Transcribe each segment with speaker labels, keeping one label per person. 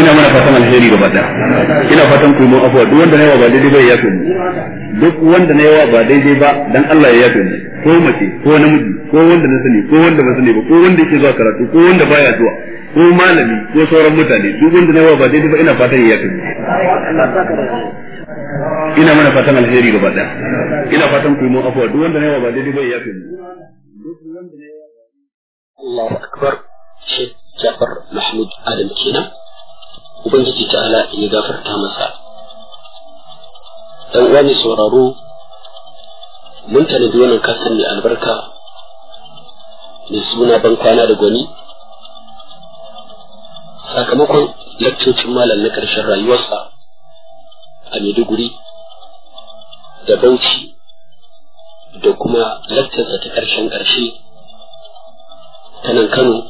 Speaker 1: ina mana fatan alheri gaba daya ina fatan ku mun afuwa duk wanda na yawa ba daidai ba ya yafe ni duk wanda na yawa ba daidai ba dan Allah ya yafe ni ko mace ko namiji ko wanda na sani ko wanda ba sani ba ko wanda yake zuwa karatu ko wanda baya zuwa ko malami ko sauran mutane duk wanda na yawa ba daidai ba ina fatan ya yafe ni
Speaker 2: ina mana fatan alheri gaba daya ina fatan
Speaker 1: ku mun afuwa duk wanda na yawa ba daidai ba ya yafe ni
Speaker 2: Allahu akbar Sheikh Jafar Mahmud Adam kenan ubangiji ta'ala ya gafarta masa
Speaker 1: dan uwa mai sauraro mun tanadi wannan kasan ne albarka mai suna ban kwana da gwani sakamakon lakcocin malam na ƙarshen rayuwarsa a maiduguri da bauchi da kuma laktarsa ta ƙarshen ƙarshe ta nan kano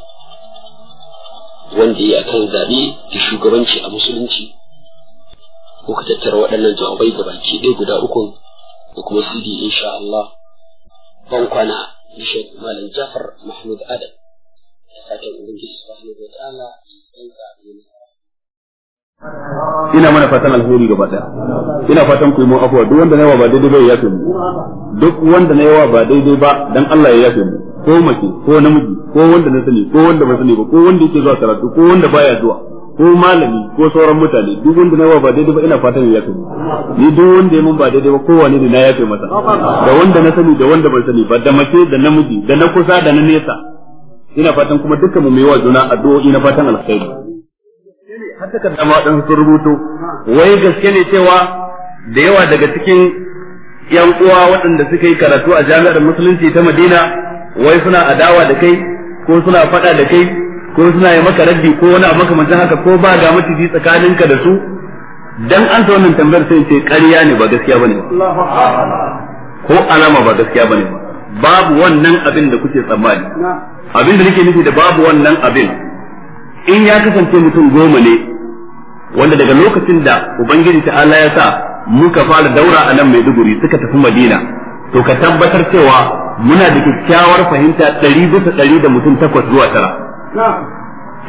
Speaker 1: wanda ya akan zaɓe da shugabanci a musulunci muka tattara waɗannan jawabai da baki ɗaya guda ukun da kuma cd insha Allah ban kwana da shek
Speaker 2: malam jafar mahmud adam da fatan ubangiji subhanahu wa ta'ala ya zaɓe ina mana fatan alheri
Speaker 1: gaba daya ina fatan ku yi mun afuwa duk wanda na yawa ba daidai ba ya yafe mu duk wanda na yawa ba daidai ba dan Allah ya yafe mu ko mace ko namiji ko wanda na sani ko wanda ba sani ba ko wanda yake zuwa karatu ko wanda baya zuwa ko malami ko sauran mutane duk wanda na ba daidai ba ina fatan ya yafe ni duk wanda ya mun ba daidai ba kowane ne na yafe masa da wanda na sani da wanda ban sani ba da mace da namiji da na kusa da na nesa ina fatan kuma dukkan mu mai wa juna addu'o'i na fatan alkhairi hatta kan dama dan sun rubuto wai gaske ne cewa da yawa daga cikin yan uwa waɗanda suka yi karatu a jami'ar musulunci ta Madina wai suna adawa da kai ko suna faɗa da kai ko suna yi maka raddi ko wani abu makamantan haka ko ba ga maciji tsakaninka da su dan an ta wannan tambayar sai ce ƙarya ne ba gaskiya bane ko alama ba gaskiya bane babu wannan abin da kuke tsammani abin da nake nufi da babu wannan abin in ya kasance mutum goma ne wanda daga lokacin da ubangiji Allah ya sa muka fara daura a nan maiduguri suka tafi madina to ka tabbatar cewa muna da kyakkyawar fahimta ɗari bisa ɗari da mutum takwas zuwa tara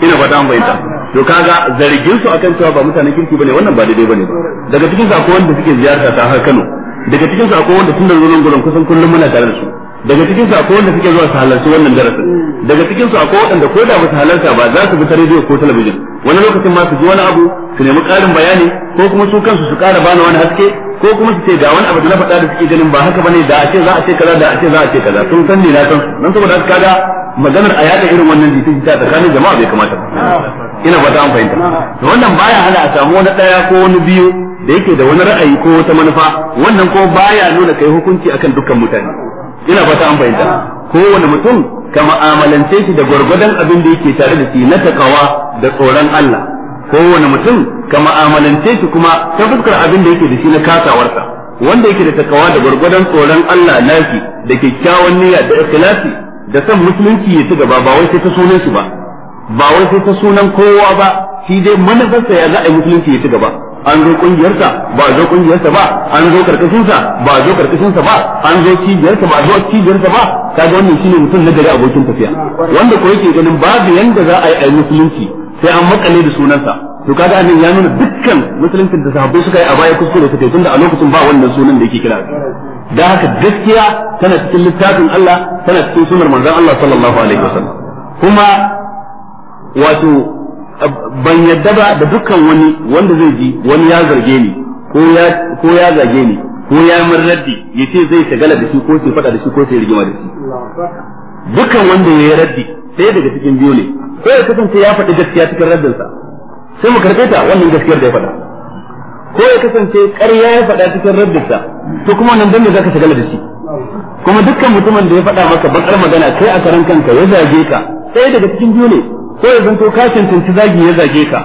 Speaker 1: ina ba an bayyana to kaga zargin su akan cewa ba mutanen kirki bane wannan ba daidai bane ba daga cikin su akwai wanda suke ziyarta ta har Kano daga cikin su akwai wanda tun da zuwan gurin kusan kullum muna tare da su daga cikin su akwai wanda suke zuwa su halarci wannan darasin daga cikin su akwai wanda ko da ba su halarta ba za su bi ta rediyo ko talabijin wani lokacin ma su ji wani abu su nemi ƙarin bayani ko kuma su kansu su ƙara bani wani haske ko kuma su ce ga wani abu da na faɗa da suke ganin ba haka bane da a ce za a ce kaza da a ce za a ce kaza sun san ne na san nan saboda haka kaga maganar a yada irin wannan jikin ta tsakanin jama'a bai kamata
Speaker 2: ina ba ta an fahimta to wannan baya
Speaker 1: hana a samu wani ɗaya ko wani biyu da yake da wani ra'ayi ko wata manufa wannan ko baya nuna kai hukunci akan dukkan mutane ina ba ta an fahimta kowane mutum ka ma'amalance shi da gwargwadon abin da yake tare da shi na takawa da tsoron Allah kowane mutum ka ma'amalance shi kuma ta fuskar abin da yake da shi na kasawarsa wanda yake da takawa da gwargwadon tsoron Allah nafi da kyakkyawan niyya da ikhlasi da san musulunci ya ci gaba ba wai sai ta sunan shi ba ba wai sai ta sunan kowa ba shi dai manufarsa ya za a yi musulunci ya ci gaba an zo kungiyarsa ba zo kungiyarsa ba an zo karkashinsa ba zo karkashinsa ba an zo cibiyarsa ba zo cibiyarsa ba kaga wannan shine mutum na gari abokin tafiya wanda ko yake ganin babu yanda za a yi musulunci sai an makale da sunansa to kaga annan ya nuna dukkan musulunci da sahabbai suka yi a baya kuskure suka yi tunda a lokacin ba wannan sunan da yake kira da haka gaskiya tana cikin littafin Allah tana cikin sunar manzon Allah sallallahu alaihi wasallam kuma wato ban yadda ba da dukkan wani wanda zai ji wani ya zarge ni ko ya ko ya zage ni ko ya min raddi yace zai shagala da shi ko sai fada da shi ko sai rigima da shi dukkan wanda ya raddi sai daga cikin biyu ne ko ya kasance ya faɗi gaskiya cikin raddinsa sai mu karɓe ta wannan gaskiyar da ya faɗa ko ya kasance ƙarya ya faɗa cikin rabbinsa to kuma nan dan za zaka shagala da shi kuma dukkan mutumin da ya faɗa maka bakar magana kai a karan kanka ya zage ka sai daga cikin biyu ne ko ya zanto ka cancanci zagi ya zage ka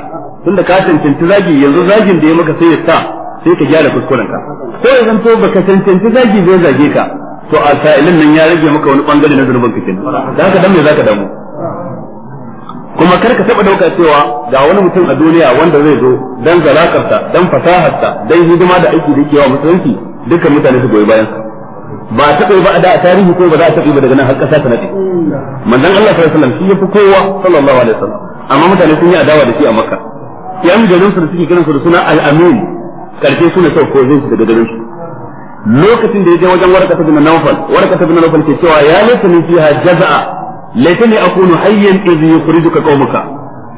Speaker 1: tunda ka cancanci zagi yanzu zagin da ya maka sai ya sa sai ka gyara kuskurenka ko ya zanto baka cancanci zagi bai zage ka to a sa'ilin nan ya rage maka wani bangare na zunubanka kenan da haka dan me zaka damu kuma kar ka taba dauka cewa ga wani mutum a duniya wanda zai zo dan zalakarta dan fasaharta dan hidima da aiki da kewa musulunci dukkan mutane su goyi bayan sa ba a taɓa ba a da a tarihi ko ba za a taɓa ba daga nan har ƙasa ta nade manzon Allah sallallahu alaihi wasallam shi yafi kowa sallallahu alaihi wasallam amma mutane sun yi adawa da shi a Makka yan garin su da suke kiransu da suna al-amin karfe suna sau ko zai su daga garin su lokacin da ya je wajen warqata bin nawfal ta bin nawfal ke cewa ya min fiha jaza'a laitani akunu hayyan idh yukhrijuka qaumuka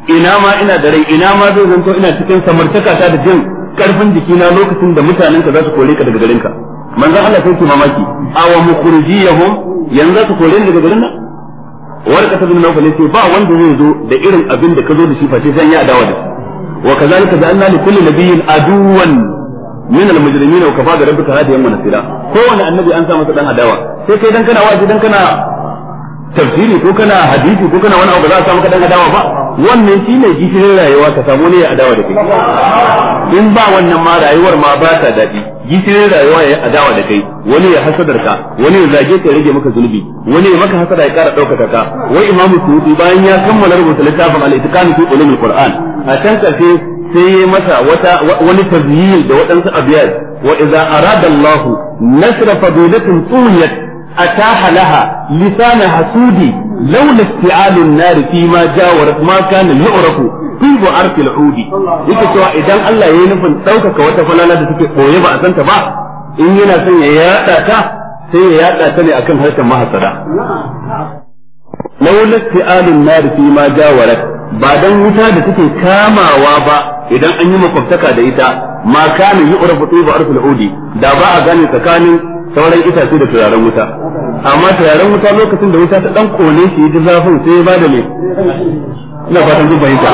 Speaker 1: ina ma ina da rai ina ma zai zanto ina cikin samartaka ta da jin karfin jikina lokacin da mutanenka za su kore ka daga garinka manzo Allah sai ki mamaki awa mukhrijiyahum yanzu za su kore ni daga garin na. warka ta bin nawfal sai ba wanda zai zo da irin abin da ka zo da shi face sai ya adawa da wa kazalika ja'alna li kulli nabiyyin aduwan min al-mujrimina wa kafa bi rabbika hadiyan wa nasira kowanne annabi an sa masa dan adawa sai kai dan kana wa'azi dan kana tafsiri ko kana hadisi ko kana wani abu za a samu kadan adawa ba wannan shi ne gishirin rayuwa ka samu ne adawa da kai in ba wannan ma rayuwar ma ba ta daɗi gishirin rayuwa ya adawa da kai wani ya hasadar ka wani ya zage ka ya rage maka zunubi wani ya maka hasada ya kara ɗaukaka ka wai imamu suyuti bayan ya kammala rubuta littafin al-itiqan fi ulumul qur'an a can karshe sai ya masa wata wani tazyil da waɗansu abiyar wa idza arada Allah nasra fadilatin tuliyat أتاح لها لسان حسود لولا استعال النار فيما جاورت ما كان يعرف في بعرف العود yake cewa idan Allah ya yi nufin ɗaukaka wata falala da take koye ba a santa ba in yana son ya yaɗa ta sai ya yaɗa ta ne akan harta mahasada laula isti'alun nar fi ma ba dan wuta da take kamawa ba idan an yi makwabtaka da ita ma kana yu'rafu tibu arfil udi da ba a gane tsakanin sauran itace da turaren wuta amma turaren
Speaker 3: wuta lokacin da wuta
Speaker 1: ta dan kone shi ji zafin sai ya bada me
Speaker 2: ina fatan ku bayyana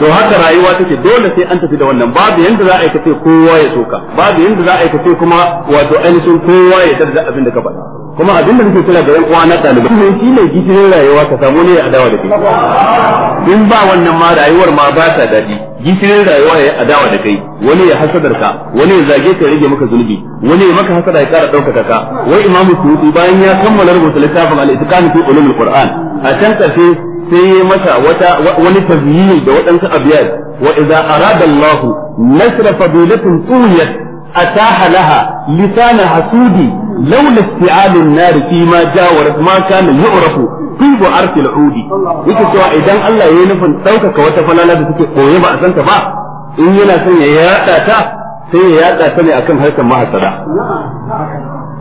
Speaker 2: to haka rayuwa
Speaker 1: take dole sai an tafi da wannan babu yanda za a aikace kowa ya soka babu yanda za a aikace kuma wato ainihin kowa ya tarda abin da ka faɗa kuma abin da nake kira ga yan uwa na ɗalibai ne shi ne gishirin rayuwa ka samu ne a dawa da ke in ba wannan ma rayuwar ma ba ta daɗi gishirin rayuwa ya adawa da kai wani ya hasadar ka wani ya zage ka rage maka zunubi wani ya maka hasada ya kara daukaka ka wai imam suyuti bayan ya kammala rubuta littafin al-itqan fi ulumul qur'an a can kace sai ya masa wata wani tazyini da wadansu abiyat wa idza arada Allah nasra fadilatun tuwiyat ataha laha lisana hasudi laula isti'alun nar fi ma jawarat ma kana yu'rafu tubu arsil udi yake cewa idan Allah ya yayi nufin daukaka wata falala da take koye ba a san ta ba in yana son ya yada ta sai ya yada ta ne akan harkar mahasada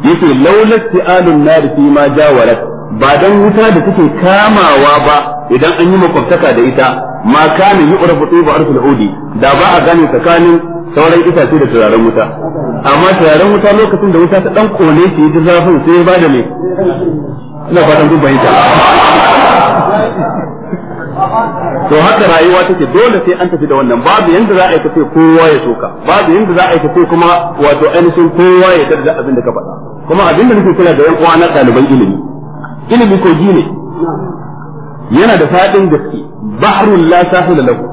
Speaker 1: yake laula isti'alun nar fi ma jawarat ba dan wuta da take kamawa ba idan an yi makwabtaka da ita ma kana yu'rafu tubu arsil udi da ba a gane tsakanin sauran itace da turaren wuta amma turaren wuta lokacin da wuta ta dan kone shi ji zafin sai ya bada me ina fatan kun bayyana
Speaker 2: to haka rayuwa
Speaker 1: take dole sai an tafi da wannan babu yanda za a yi tafi kowa ya soka babu yanda za a yi tafi kuma wato ainihin kowa ya tarda abin da ka faɗa kuma abin da nake kira da yan uwa na ɗaliban ilimi ilimi ko ne yana da faɗin gaske bahrul la sahila lahu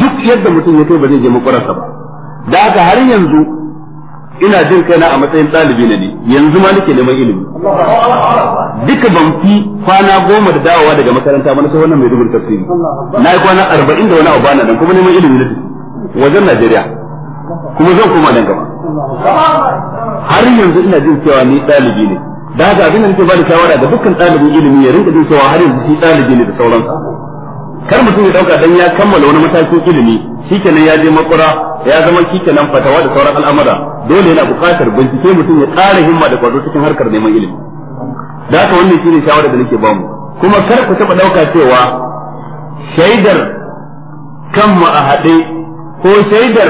Speaker 1: duk yadda mutum ya kai ba zai je makwararsa ba da haka har yanzu ina jin kaina a matsayin ɗalibi na ne yanzu ma nake neman ilimi duka ban fi kwana goma da dawowa daga makaranta ba na sai wannan mai dubur tafsiri na yi kwana arba'in da wani abu bana nan kuma neman ilimi na wajen Najeriya
Speaker 2: kuma zan koma nan gaba har
Speaker 1: yanzu ina jin cewa ni ɗalibi ne da haka abin da nake ba da shawara ga dukkan ɗalibin ilimi ya rinka jin cewa har yanzu shi ɗalibi ne da sauransa kar mutum ya dauka dan ya kammala wani matakin ilimi shikenan ya je makura ya zama shikenan fatawa da sauran al'amura dole yana buƙatar bincike mutum ya ƙara himma da kwazo cikin harkar neman ilimi da haka wannan shine shawara da nake bamu kuma kar ku taba dauka cewa shaidar kan mu a haɗe ko shaidar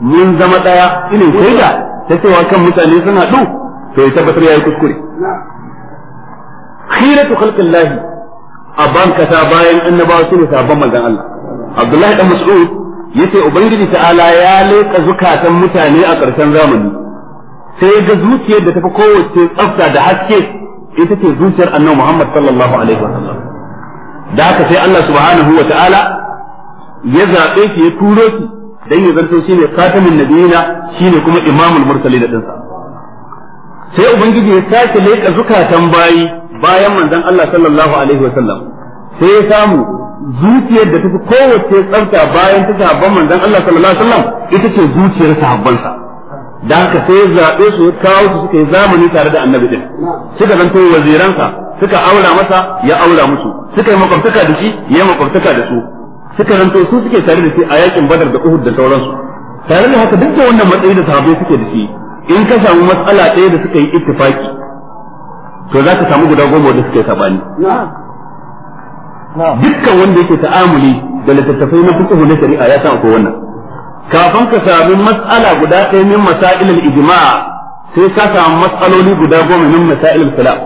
Speaker 1: mun zama ɗaya irin shaida ta cewa kan mutane sun haɗu to ya tabbatar ya yi kuskure khiratu khalqillahi a bankata bayan annabawa su ne sabon manzon Allah Abdullahi dan Mas'ud yace ubangiji ta'ala ya leka zukatan mutane a ƙarshen zamani sai ga zuciyar da tafi kowace tsafta da haske ita ce zuciyar annabi Muhammad sallallahu alaihi sallam. da haka sai Allah subhanahu wa ta'ala ya zaɓe shi ya turo shi dan ya zanto shine khatamin nabiyina shine kuma imamul mursalin dinsa sai ubangiji ya sake leka zukatan bayi bayan manzon Allah sallallahu alaihi sallam. sai ya samu zuciyar da tafi kowace tsafta bayan ta sahabban manzon Allah sallallahu alaihi wasallam ita ce zuciyar sahabbansa da haka sai ya zaɓe su ya kawo su suka yi zamani tare da annabi din suka zanto waziransa suka aura masa ya aura musu suka yi makwabtaka da shi ya makwabtaka da su suka zanto su suke tare da shi a yakin badar da uhud da sauransu tare da haka duk da wannan matsayi da sahabbai suke da shi in ka samu matsala ɗaya da suka yi ittifaki to za ka samu guda goma da suke yi dukkan wanda yake ta'amuli da littattafai na fiqh na shari'a ya san akwai wannan
Speaker 2: kafin ka sami
Speaker 1: mas'ala guda ɗaya min masailul ijma' sai ka samu mas'aloli guda goma min masailul khilaf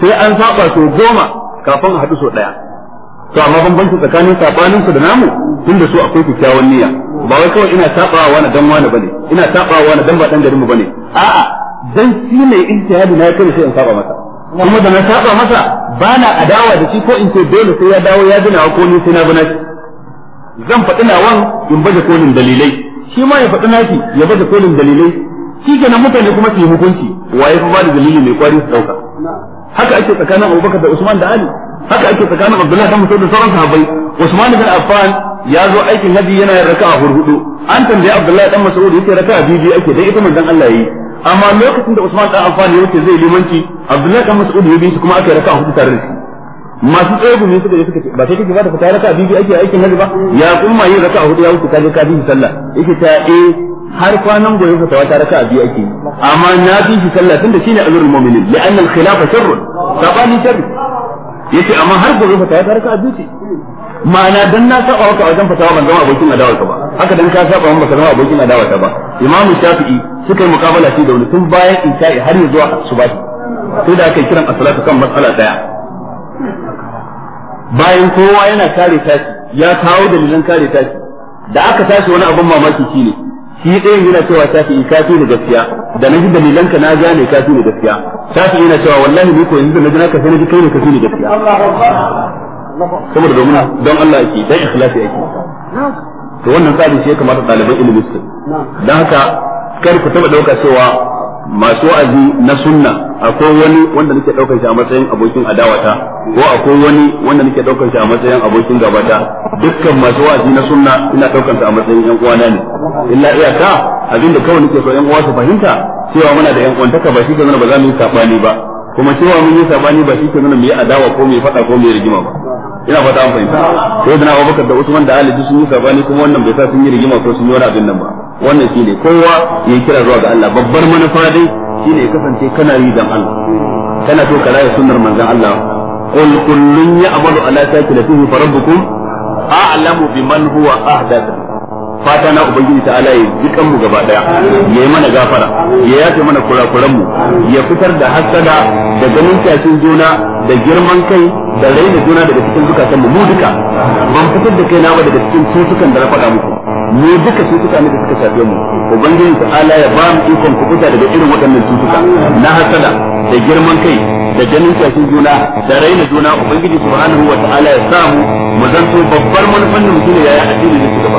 Speaker 1: sai an saba so goma kafin a haɗu so ɗaya to amma bambanci tsakanin sabanin su da namu tunda su akwai kyakkyawan niyya ba wai kawai ina sabawa wani dan wani bane ina sabawa wani dan ba dan mu bane a'a dan shi ne ijtihadi na kai sai in saba masa kuma da na saba masa ba na adawa da shi ko in ce dole sai ya dawo ya bina ko ni sai na bina zan faɗi nawan in baje kolin dalilai shi ma ya faɗi naki ya baje kolin dalilai shi nan mutane kuma su yi hukunci waye fa ba da dalili mai kwari su ɗauka haka ake tsakanin Abubakar da Usman da Ali haka ake tsakanin Abdullah da Musa da sauran sahabbai Usman bin Affan ya zo aikin Nabi yana yin raka'a hurhudu an tambaye Abdullah dan Mas'ud yake raka'a biyu ake dai ita manzon Allah yayi amma lokacin da Usman dan Affan ya wuce zai limanci Abdullahi dan Mas'ud ya bin shi kuma aka raka hudu tare da shi masu tsaye ne suka je suka ce ba sai kake ba da fita raka bibi ake aikin hajji ba ya kuma yin raka hudu ya wuce ka je ka bi sallah yake ta eh har kwanan goyi ka tawata raka biyu ake amma na bi shi sallah tunda shine azrul mu'minin li'an al-khilafa sharr sabani sharr yace amma har goyi ka tawata raka biyu ce ma'ana dan na saba maka wajen fatawa ban zama abokin adawa ka ba haka dan ka saba maka zama abokin adawa ta ba imamu shafi'i suka yi mukabala shi da wani tun bayan isha'i har ya zuwa subahi sai da aka yi kiran asalatu kan matsala daya bayan kowa yana kare tashi ya kawo dalilan kare tashi da aka tashi wani abin mamaki shine shi ɗayan yana cewa tashi kafi ne gaskiya da na ji dalilan ka na gane kafi ne gaskiya tashi yana cewa wallahi ni ko yanzu da na ji naka sai na ji kai ne kafi ne gaskiya saboda domin don Allah yake dan ikhlasi yake to wannan tsari shi ya kamata ɗaliban ilimi su dan haka kar ku taba dauka cewa masu wa'azi na sunna akwai wani wanda nake daukar shi a matsayin abokin adawata ko akwai wani wanda nake daukar shi a matsayin abokin gabata dukkan masu wa'azi na sunna ina daukar su a matsayin yan uwana ne illa iyaka abinda kawai nake so yan uwa su fahimta cewa muna da yan uwantaka ba shi ke nuna ba za mu yi sabani ba kuma cewa mun yi sabani ba shi ke nuna mu yi adawa ko mu yi fada ko mu yi rigima ba
Speaker 2: ina fata an fahimta sai da na
Speaker 1: Abubakar da Usman da Ali sun yi sabani kuma wannan bai sa sun yi rigima ko sun yi wani abin nan ba wannan ne kowa ya kira zuwa ga Allah babbar manufa dai ne kasance kana yi dan Allah
Speaker 2: kana so ka raya
Speaker 1: sunnar manzon Allah qul kullun ya'malu ala shakilatihi farabbukum a'lamu biman huwa ahdathu fata na ubangiji ta ala ya dukan mu gaba daya yayi mana gafara ya yafe mana kurakuran mu ya fitar da hasada da ganin tashin juna da girman kai da raina juna daga cikin zukatan mu mu duka ban fitar da kaina ba daga cikin cutukan da na faɗa muku mu duka cutuka ne da suka shafe mu ubangiji ta ala ya ba mu ikon kubuta daga irin waɗannan cutuka na hasada da girman kai da ganin kyashin juna da raina juna ubangiji subhanahu wa ta'ala ya samu mu zanto babbar manufar mu shine yaya addini ne gaba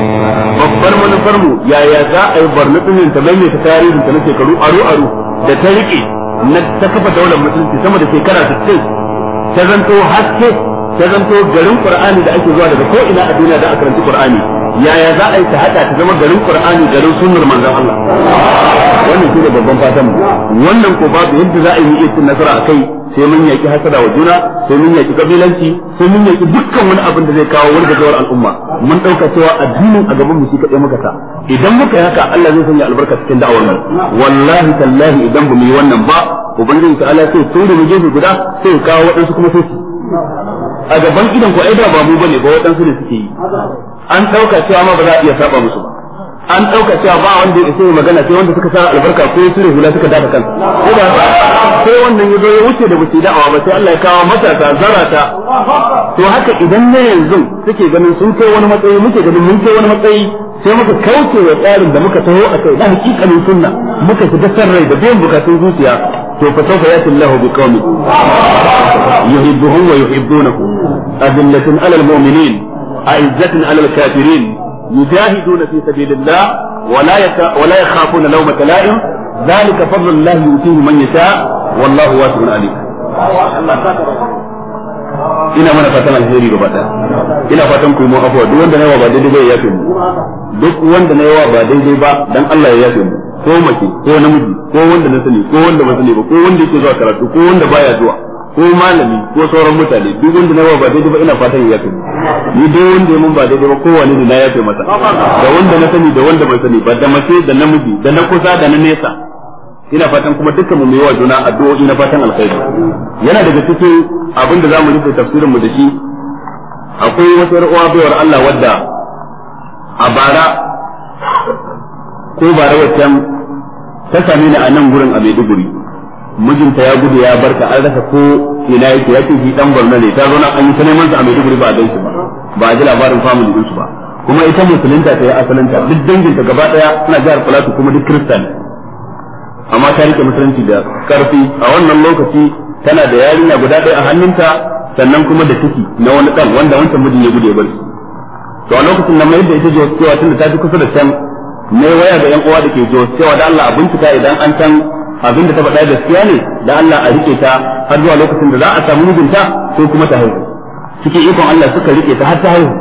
Speaker 1: babbar manufar mu yaya za a yi barnatin ta mai ta tarihin ta na shekaru aru aru da ta rike na ta kafa daular musulunci sama da shekara 60 ta zanto haske ta zanto garin qur'ani da ake zuwa daga ko ina a duniya da a karanci qur'ani yaya za a yi ta hada ta zama garin qur'ani garin sunnar manzon Allah wannan shi da babban fatan mu wannan ko babu yadda za a yi iya nasara akai sai mun yaki hasada wa juna sai mun yaki kabilanci sai mun yaki dukkan wani abin da zai kawo wargajewar al'umma mun dauka cewa addinin a gaban mu shi kadai muka sa idan muka yi haka Allah zai sanya albarka cikin da'awar nan wallahi tallahi idan ba mu yi wannan ba ubangiji ta Allah sai tun da mu gefe guda sai kawo wadansu kuma sai a gaban idan ko ai da babu bane ba waɗansu ne suke yi an ɗauka cewa ma ba za a iya saba musu ba an ɗauka cewa ba wanda ya sai magana sai wanda suka sa albarka ko sure hula suka dafa kan.
Speaker 2: ko ba sai
Speaker 1: wannan ya zo ya wuce da da awa ba sai Allah ya kawo matasa zarata to haka idan ne yanzu suke ganin sun kai wani matsayi muke ganin mun kai wani matsayi sai muka kauce wa tsarin da muka taho a kai da hakikalin sunna muka shiga san rai da biyan bukatun zuciya to fa sawfa yati Allahu bi qaumin yuhibbuhum wa yuhibbunahu adillatun 'alal mu'minin a'izzatun 'alal kafirin يجاهدون في سبيل الله ولا يت... ولا يخافون لومة لائم ذلك فضل الله يؤتيه من يشاء والله واسع عليم. ina mana fatan alheri gaba ɗaya ina fatan ku mu afuwa duk wanda na yawa ba daidai ba ya yafe mu duk wanda na yawa ba daidai ba dan Allah ya yafe mu ko mace ko namiji ko wanda na sani ko wanda ba sani ba ko wanda yake zuwa karatu ko wanda baya zuwa ko malami ko sauran mutane duk wanda na ba daidai ba ina fatan ya kai ni dai wanda mun ba daidai ba kowane ne na ya kai masa da wanda na sani da wanda ban sani ba da mace da namiji da na kusa da na nesa ina fatan kuma dukkan mu yi wa juna addu'o'i na fatan alkhairi yana daga cikin abin da zamu rubuta tafsirin mu da shi akwai wata ruwa bayar Allah wadda
Speaker 2: a bara
Speaker 1: ko rawar wacan ta sami ni a nan gurin a Maiduguri mijinta ya gudu ya barka an rasa ko ina yake yake shi dan barna ne ta zauna an yi ta neman sa a Maiduguri ba a ganshi ba ba a ji labarin family din su ba kuma ita musulunta ta yi ta duk ta gaba daya suna jihar Plateau kuma duk kristan amma ta rike musulunci da karfi a wannan lokaci tana da yarinya guda ɗaya a hannunta sannan kuma da ciki na wani ɗan wanda wancan mijin ya gudu bar bari to a lokacin nan mai da ita cewa tunda ta fi kusa da can ne waya da yan uwa da ke zo cewa da Allah abin ta idan an san abin da ta faɗa gaskiya ne da Allah a rike ta har zuwa lokacin da za a samu mijinta ko kuma ta haihu suke ikon Allah suka rike ta har ta haihu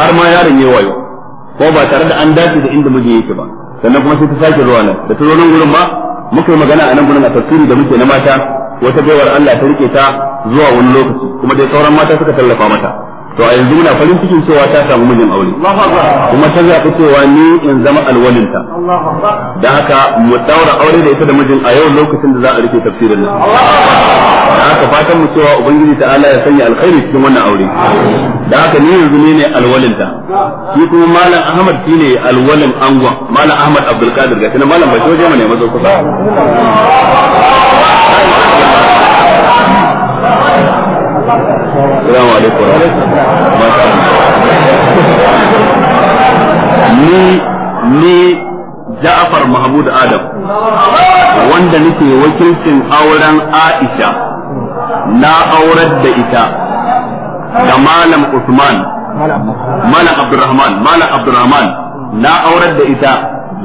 Speaker 1: har ma yaron ya wayo ko ba tare da an dace da inda miji yake ba sannan kuma sai ta sake zuwa nan da ta zo nan gurin ba muka yi magana a nan gurin a tafsiri da muke na mata wata baiwar Allah ta rike ta zuwa wani lokaci kuma dai sauran mata suka tallafa mata to a yanzu muna farin cikin cewa ta samu mijin aure kuma ta zaɓi cewa ni in zama alwalinta da haka mu daura aure da ita da mijin a yau lokacin da za a rike tafsirin nan da haka fatan mu cewa ubangiji ta'ala ya sanya alkhairi cikin wannan aure da haka ni yanzu ne ne alwalinta shi kuma malam ahmad shi ne alwalin angon malam ahmad abdul qadir ga tana malam bashi waje mu ne mazo kusa ni ni Ja'far Mahmud Adam wanda nake wakilcin auren Aisha na aurar da ita da Malam Usman Malam Abdurrahman Malam Abdurrahman na aurar da ita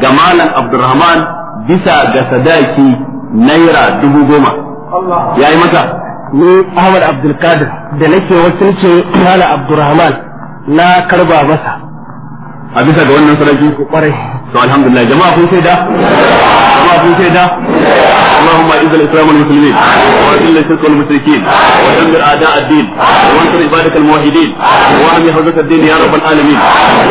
Speaker 1: ga Malam Abdurrahman bisa ga sadaki naira dubu goma ya yi mata ni Ahmad Abdul da nake wakilcin Malam Abdurrahman na karba masa a bisa ga wannan sadaki ku kwarai to alhamdulillah jama'a
Speaker 3: kun sai da
Speaker 2: jama'a kun sai da اللهم
Speaker 1: اعز الاسلام والمسلمين واذل الشرك والمشركين ودمر اعداء الدين وانصر عبادك الموحدين واهم حوزه الدين يا رب العالمين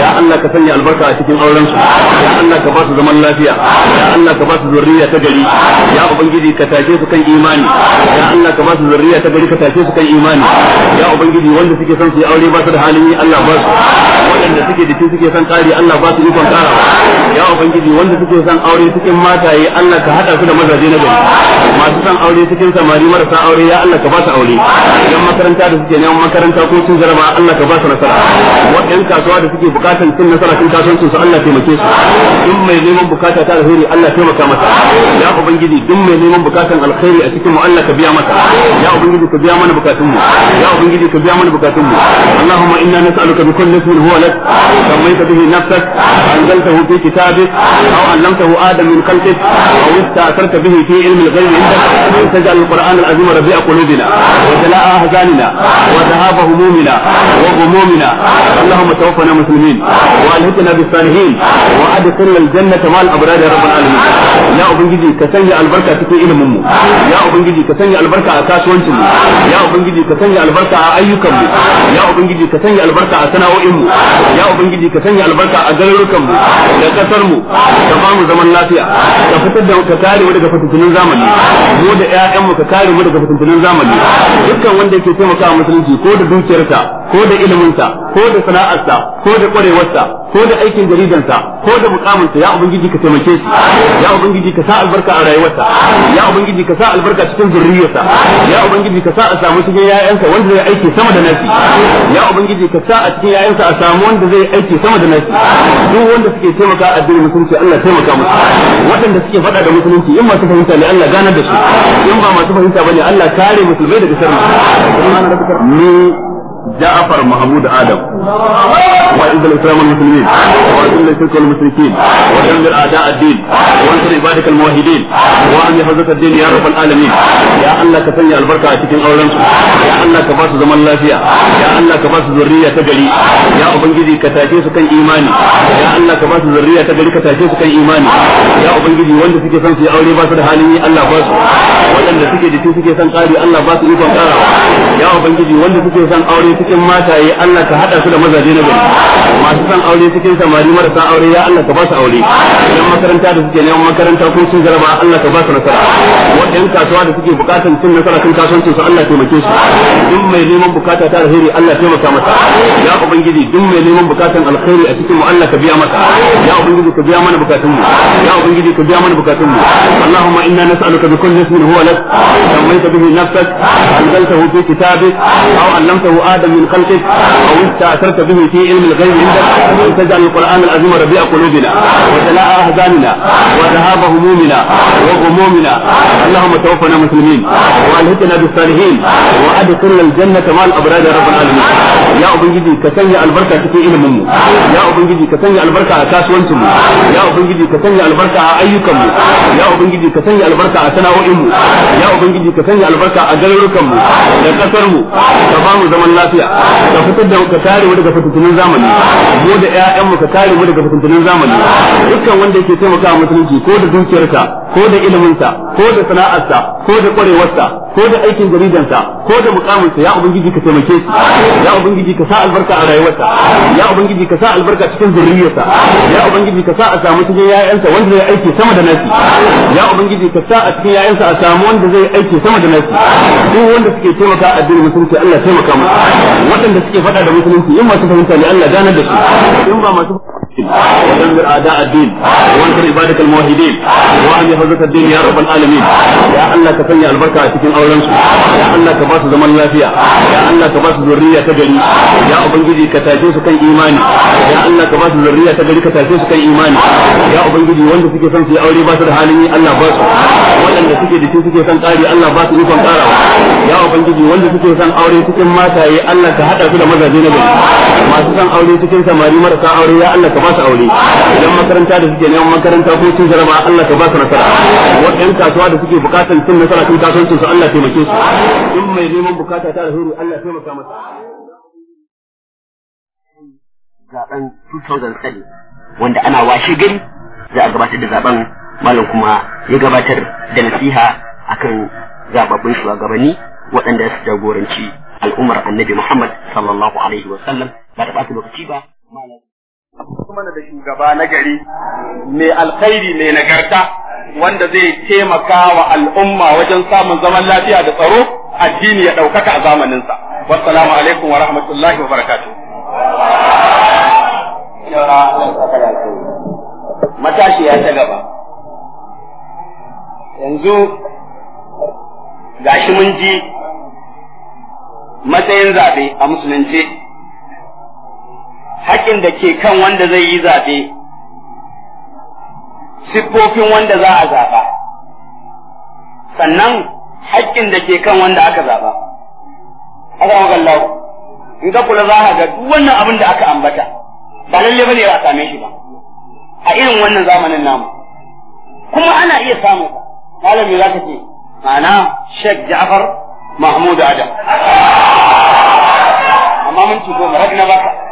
Speaker 1: يا الله ka sanya albarka a cikin aurensu su ya Allah ka ba su zaman lafiya ya Allah ka ba su zurriya ta gari ya ubangiji ka tashe su kan imani ya Allah ka wanda suke son su yi ba su da halin Allah suke da suke son Allah ba su ikon karawa ya ubangiji wanda suke son aure cikin mataye Allah ka hada su da mazaje na gari masu son aure cikin samari marasa aure ya Allah ka ba su aure yan makaranta da suke neman makaranta ko cin jaraba Allah ka ba su nasara waɗannan kasuwa da suke bukatan cin nasara cikin kasuwancin su Allah taimake su duk mai neman bukata ta alheri Allah taimaka masa ya ubangiji duk mai neman bukatan alheri a cikin mu Allah ka biya masa ya ubangiji ka biya mana bukatun mu ya ubangiji ka biya mana bukatun mu Allahumma inna nas'aluka bi kulli ismin huwa lak sammaita bihi nafsak anzaltahu fi kitab كتابك أو علمته آدم من خلقك أو استأثرت به في علم الغيب عندك أن تجعل القرآن العظيم ربيع قلوبنا وجلاء أحزاننا وذهاب همومنا وغمومنا اللهم توفنا مسلمين وألهتنا بالصالحين وأدخلنا الجنة مع الأبرار يا رب العالمين يا أبنجي كسني البركة تكون إلى ممو يا أبنجي كسني البركة أكاسوانتم يا أبنجي كسني البركة أيكم يا أبنجي كسني البركة أسناؤهم يا أبنجي كسني البركة أجللكم يا kasar mu ka ba mu zaman lafiya ka fitar da ka kare mu daga fitintunin zamani mu da ƴaƴan mu ka kare mu daga fitintunin zamani dukkan wanda yake taimaka musulunci ko da dukiyarsa ko da iliminsa ko da sana'arsa ko da kwarewarsa ko da aikin jaridansa ko da mukaminsa ya ubangiji ka taimake shi ya ubangiji ka sa albarka a rayuwarsa ya ubangiji ka sa albarka cikin zurriyarsa ya ubangiji ka sa a samu cikin yayansa wanda zai aiki sama da nasi ya ubangiji ka sa a cikin yayansa a samu wanda zai aiki sama da nasi duk wanda suke taimaka a addinin musulunci Allah taimaka musu waɗanda suke faɗa da musulunci in masu fahimta ne Allah ganar da su in ba masu fahimta bane Allah kare musulmai daga sharri ni جعفر محمود آدم وإذا الإسلام المسلمين وإذا الشرك والمشركين ودمر أعداء الدين وانصر عبادك الموحدين وأن يحفظك الدين يا رب العالمين يا الله كفني البركة أتكين أولانسو يا الله كباس زمن الله فيها يا الله كباس ذرية تجلي يا أبنجدي كتاكيس كان إيماني يا الله كباس ذرية تجلي كتاكيس كان إيماني يا أبنجدي وانت سكي سنسي أولي باس الحالي الله باس وانت سكي جتي سكي سنقالي الله باس إيقان قارا يا أبنجدي وانت سكي سنقالي cikin mataye Allah ka hada su da mazaje na gari masu san aure cikin samari marasa aure ya Allah ka ba su aure idan makaranta da suke neman makaranta ko cin jaraba Allah ka ba su nasara waɗannan kasuwa da suke bukatan cin nasara kan kasuwancin su Allah taimake su duk mai neman bukata ta alheri Allah taimaka masa ya ubangiji duk mai neman bukatan alheri a cikin mu Allah ka biya masa ya ubangiji ka biya mana bukatun mu ya ubangiji ka biya mana bukatun mu Allahumma inna nas'aluka bi kulli ismin huwa lak sammaita bihi nafsak anzaltahu fi kitabik aw allamtahu أحدا من خلقك أو استأثرت به في علم الغيب عندك أن تجعل القرآن العظيم ربيع قلوبنا وجلاء أحزاننا وذهاب همومنا وغمومنا اللهم توفنا مسلمين وألهتنا بالصالحين وأدخلنا الجنة مع الأبرار يا رب العالمين يا أبنجي كسني البركة في علمهم يا أبنجي كسني البركة على كاسوانتم يا أبنجي كسني البركة على أيكم يا أبنجي كسني البركة على سناوئهم يا أبنجي كسني البركة على جلوكم da kasar زمن ka lafiya ka fitar da ka tare mu daga fitintunin zamani mu da ƴaƴan mu ka tare mu daga fitintunin zamani dukkan wanda yake taimakawa musulunci ko da dukiyarsa ko da iliminsa ko da sana'arsa ko da kwarewarsa ko da aikin jaridansa ko da mukaminsa ya ubangiji ka taimake shi ya ubangiji ka sa albarka a rayuwarsa ya ubangiji ka sa albarka cikin zuriyarsa ya ubangiji ka sa a samu cikin yayansa wanda zai aiki sama da nasi ya ubangiji ka sa a cikin yayansa a samu wanda zai aiki sama da nasi duk wanda suke taimaka a addinin musulunci Allah taimaka musu waɗanda suke faɗa da musulunci in masu fahimta ne Allah ganar da su in ba masu المسلم ودمر اعداء الدين وانصر عبادك الموحدين واحمي حوزه الدين يا رب العالمين يا الله كفني البركه na gari marasa aure su aure idan makaranta da suke neman makaranta ko sun jarama Allah ka ba su nasara wadannan kasuwa da suke bukatar sun nasara tun kasuwancin su Allah taimake su in mai neman bukata ta da huru Allah taimaka masa
Speaker 2: zaben 2007 wanda ana washe gari za a gabatar da
Speaker 1: zaben malam kuma ya gabatar da nasiha akan zababbin shugabanni waɗanda su jagoranci al'ummar annabi Muhammad sallallahu alaihi wa sallam ba ta lokaci ba malam mana da shugaba na gari mai alkhairi mai nagarta wanda zai taimaka wa al'umma wajen samun zaman lafiya da tsaro addini ya ɗaukaka a zamaninsa. Wassalamu alaikum wa rahmatullahi wa barakatuh. Matashi ya ta gaba.
Speaker 2: Yanzu gashi mun
Speaker 1: ji matsayin zaɓe a musulunci. haƙin da ke kan wanda zai yi zaɓe siffofin wanda za a zaɓa sannan haƙƙin da ke kan wanda aka zaɓa aka magallahu in ka kula za ka ga duk wannan abin da aka ambata ba lalle ba ne ba a same shi ba a irin wannan zamanin namu kuma ana iya samu ba malami za ka ce ma'ana Sheikh Ja'far Mahmud Adam amma mun ci goma na baka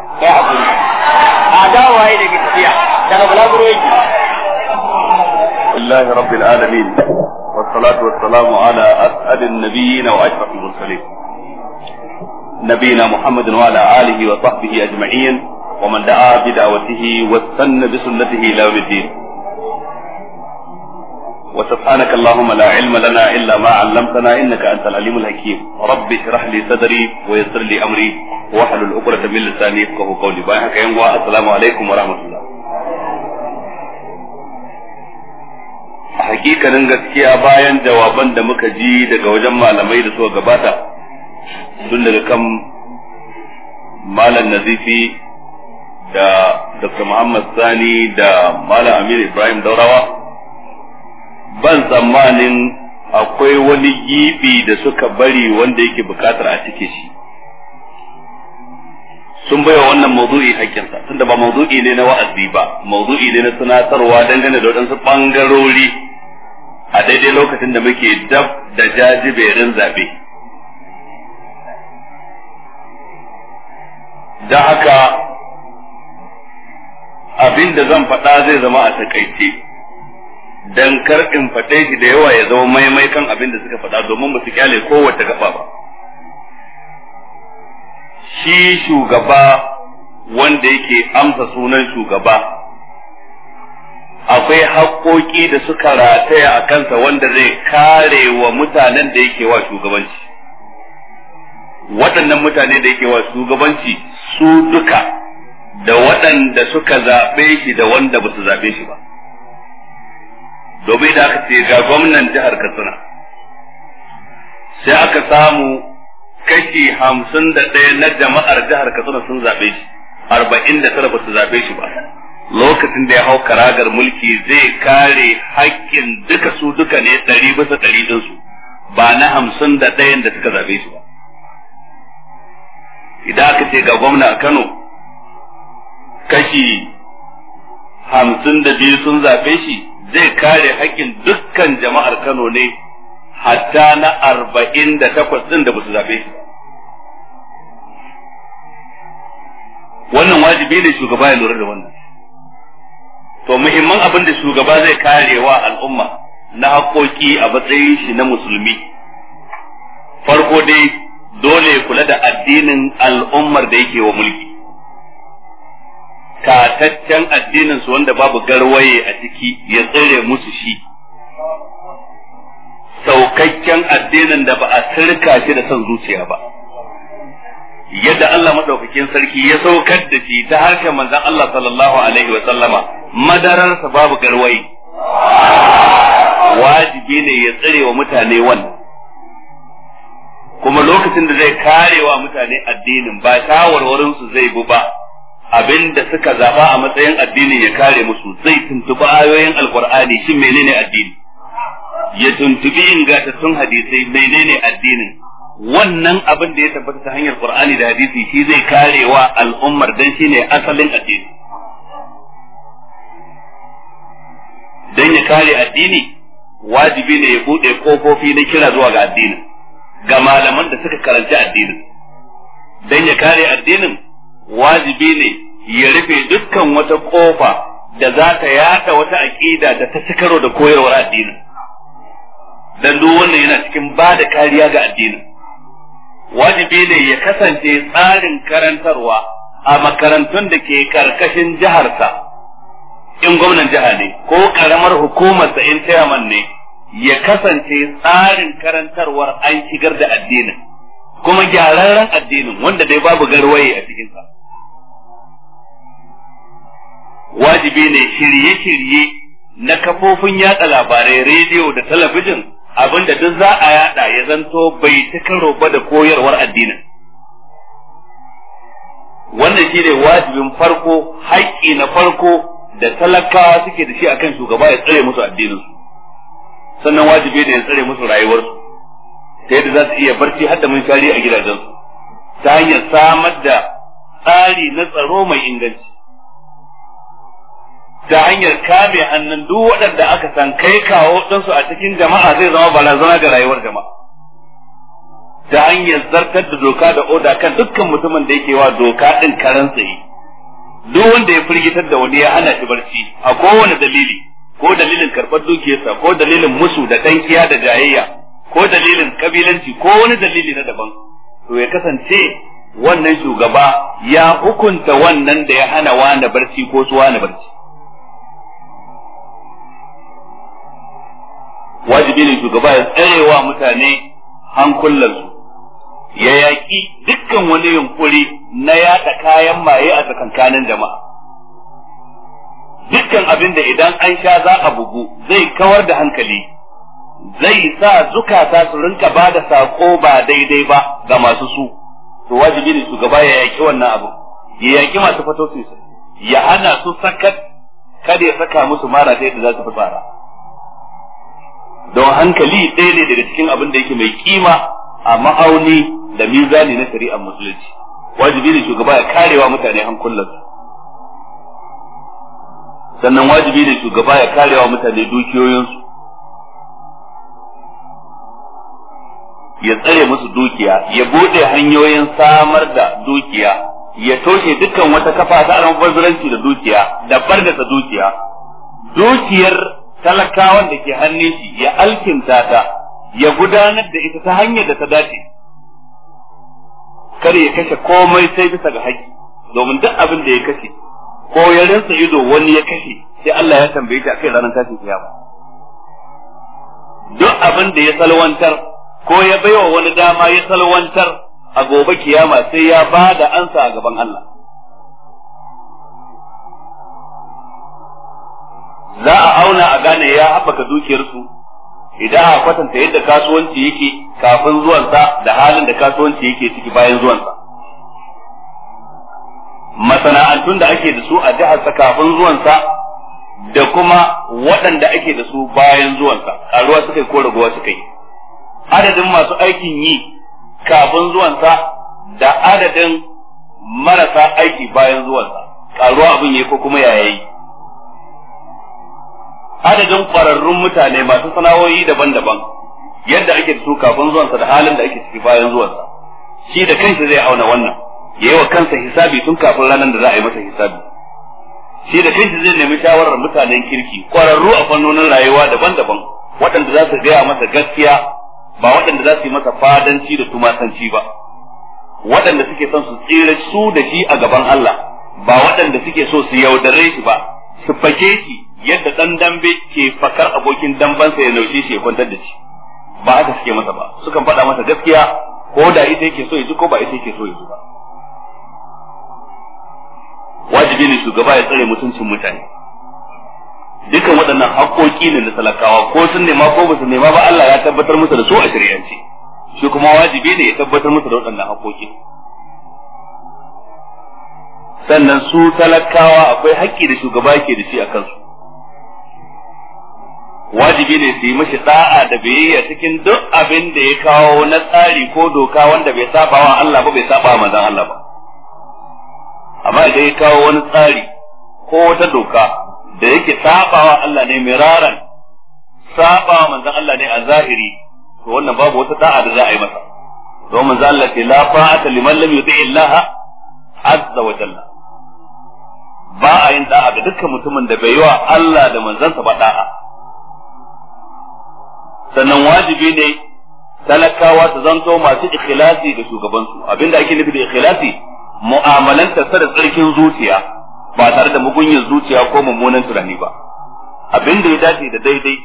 Speaker 1: الله رب العالمين والصلاة والسلام على أسعد النبيين وأشرف المرسلين نبينا محمد وعلى آله وصحبه أجمعين ومن دعا بدعوته واستنى بسنته إلى يوم الدين وسبحانك اللهم لا علم لنا إلا ما علمتنا إنك أنت العليم الحكيم رب اشرح لي صدري ويسر لي أمري واحلل عقدة من لساني يفقهوا قولي بايعك يا السلام عليكم ورحمة الله hakikanin gaskiya bayan jawaban da muka ji daga wajen malamai da suka gabata tun daga kan malam nazifi da dr muhammad sani da malam amir ibrahim daurawa ban tsammanin akwai wani gibi da suka bari wanda yake bukatar a cike shi sun baiwa wannan mawdu'i hakkinsa tunda ba mawdu'i ne na wa'azi ba mawdu'i ne na tunatarwa dangane da waɗansu bangarori a daidai lokacin da muke dab da jajiberin zabe da haka abin da zan faɗa zai zama a takaice dan kar faɗe shi da yawa ya zama maimai kan abin da suka faɗa domin ba su kyale kowace gaba ba shi shugaba wanda yake amsa sunan shugaba akwai haƙoƙi da suka rataya a kansa wanda zai kare wa mutanen da yake wa shugabanci waɗannan mutane da yake wa shugabanci su duka da waɗanda suka zaɓe shi da wanda ba su zaɓe shi ba domin da aka ce ga gwamnan jihar katsina sai aka samu kashi hamsin da ɗaya na jama'ar jihar katsina sun zaɓe shi arba'in da tara ba su zaɓe shi ba lokacin da ya hau karagar mulki zai kare haƙƙin duka su duka ne ɗari bisa ɗari ɗinsu ba na hamsin da ɗayan da suka zaɓe shi ba idan aka ce ga gwamna a kano kashi hamsin da biyu sun zaɓe shi zai kare haƙƙin dukkan jama'ar Kano ne hatta na arba'in da takwas ɗin da su zaɓe shi wannan wajibi ne shugaba ya lura da wannan to muhimman abin da shugaba zai karewa al'umma na haƙoƙi a matsayin shi na musulmi farko dai dole kula da addinin al'ummar da yake wa mulki tataccen addinin su wanda babu garwaye a ciki ya tsire musu shi saukakken addinin da ba a sirka shi da son zuciya ba yadda Allah madaukakin sarki ya saukar da shi ta harshen manzon Allah sallallahu alaihi wa sallama madararsa babu garwaye wajibi ne ya tsire wa mutane wannan kuma lokacin da zai karewa mutane addinin ba shawarwarinsu zai bu ba Abin da suka zaba a matsayin addini ya kare musu zai tuntubi ayoyin alkur'ani shin menene addini ya tuntubi ingantattun hadisai menene addinin wannan abin da ya tabbata ta hanyar qur'ani da hadisi shi zai karewa al'ummar dan shine asalin addini dan ya kare addini wajibi ne ya bude kofofi na kira zuwa ga addinin ga malaman da suka karanci addinin dan ya kare addinin wajibi ne ya rufe dukkan wata kofa da za ta yada wata aƙida da ta cikaro da koyarwar addinin dan duk wannan yana cikin ba da kariya ga addinin wajibi ne ya kasance tsarin karantarwa a makarantun da ke karkashin jiharsa in gwamnan jiha ne ko karamar sa in chairman ne ya kasance tsarin karantarwar an shigar da addinin kuma gyararren addinin wanda dai babu garwaye a cikinsa wajibi ne shirye-shirye na kafofin yada labarai rediyo da talabijin abinda duk za a yada ya zanto bai ta karo ba da koyarwar addini wannan shi ne wajibin farko haƙƙi na farko da talakawa suke da shi a kan shugaba ya tsare musu addininsu sannan wajibi ne ya tsare musu rayuwarsu ta yadda za su iya barci har da munshari a gidajensu ta hanyar samar da tsari na tsaro mai inganci ta hanyar kame hannun duk waɗanda aka san kai kawo ɗansu a cikin jama'a zai zama barazana ga rayuwar jama'a ta hanyar zartar da doka da oda kan dukkan mutumin da yake wa doka ɗin karen tsaye duk wanda ya firgitar da wani ya hana shi barci a kowane dalili ko dalilin karɓar dukiyarsa ko dalilin musu da ɗan ɗankiya da jayayya ko dalilin kabilanci ko wani dalili na daban to ya kasance wannan shugaba ya hukunta wannan da ya hana wani barci ko su wani barci wajibi ne shugaba ya tsarewa mutane hankulansu ya yaƙi dukkan wani yunkuri na yaɗa kayan maye a tsakankanin jama'a dukkan abin da idan an sha za a bugu zai kawar da hankali zai sa zukata su rinka ba da saƙo ba daidai ba ga masu su to wajibi ne shugaba ya yaƙi wannan abu ya yaƙi masu fatosinsa ya hana su sakat kada ya saka musu mara da yadda za su fi fara. don hankali ɗaya ne daga cikin abin da yake mai kima a ma'auni da mizani na shari'ar musulunci wajibi ne shugaba ya karewa mutane hankulansu sannan wajibi ne shugaba ya karewa mutane dukiyoyinsu ya tsare musu dukiya ya bude hanyoyin samar da dukiya ya toshe dukkan wata kafa ta almubazzaranci da dukiya da barnata dukiya dukiyar talakawan da ke hannun shi ya alkinta ta ya gudanar da ita ta hanyar da ta dace Kada ya kashe komai sai bisa ga haƙƙi domin duk abin da ya kashe ko ya rinsa ido wani ya kashe sai Allah ya tambaye ta akai ranar tashin kiyama duk abin da ya salwantar ko ya baiwa wani dama ya salwantar a gobe kiyama sai ya ba da ansa a gaban Allah za a auna a gane ya haɓaka dukiyarsu idan a kwatanta yadda kasuwanci yake kafin zuwansa da halin da kasuwanci yake ciki bayan zuwansa masana'antun da ake da su a jiharsa kafin zuwansa da kuma waɗanda ake da su bayan zuwansa ƙaruwa suka yi ko raguwa suka yi adadin masu aikin yi kafin zuwansa da adadin marasa aiki bayan zuwansa ƙaruwa abin yi ko kuma yayayi adadin kwararrun mutane masu sana'o'i daban-daban yadda ake da su kafin zuwansa da halin da ake ciki bayan zuwansa shi da kansa zai auna wannan ya yi wa kansa hisabi tun kafin ranar da za a yi masa hisabi shi da kansa zai nemi shawarar mutanen kirki kwararru a fannonin rayuwa daban-daban waɗanda za su gaya masa gaskiya ba waɗanda za su yi masa fadanci da tumatanci ba waɗanda suke son su tsira su da shi a gaban Allah ba waɗanda suke so su yaudare shi ba su fake shi yadda dan dambe ke fakar abokin dambansa ya nauce shi ya kwantar da shi ba haka suke masa ba sukan faɗa masa gaskiya ko da ita yake so ya ji ko ba ita yake so ya ji ba wajibi ne shugaba ya tsare mutuncin mutane dukan waɗannan haƙoƙi ne na talakawa ko sun nema ko ba su nema ba Allah ya tabbatar musu da su a shari'ance shi kuma wajibi ne ya tabbatar musu da waɗannan haƙoƙi sannan su talakawa akwai haƙƙi da shugaba ke da shi a kansu wajibi ne su yi mashi da'a da biyayya cikin duk abin da ya kawo na tsari ko doka wanda bai saba wa Allah ba bai saba wa manzon Allah ba amma idan ya kawo wani tsari ko wata doka da yake saba wa Allah ne miraran saba wa manzon Allah ne a zahiri to wannan babu wata da'a da za a yi masa don manzon Allah ce la fa'ata liman lam yuti Allah azza wa jalla ba a yin da'a da dukkan mutumin da bai yi wa Allah da manzansa ba da'a sannan wajibi ne talakawa su zanto masu ikhlasi ga shugabansu abinda ake nufi da ikhlasi mu'amalan ta da tsarkin zuciya ba tare da mugunyin zuciya ko mummunan tunani ba abinda ya dace da daidai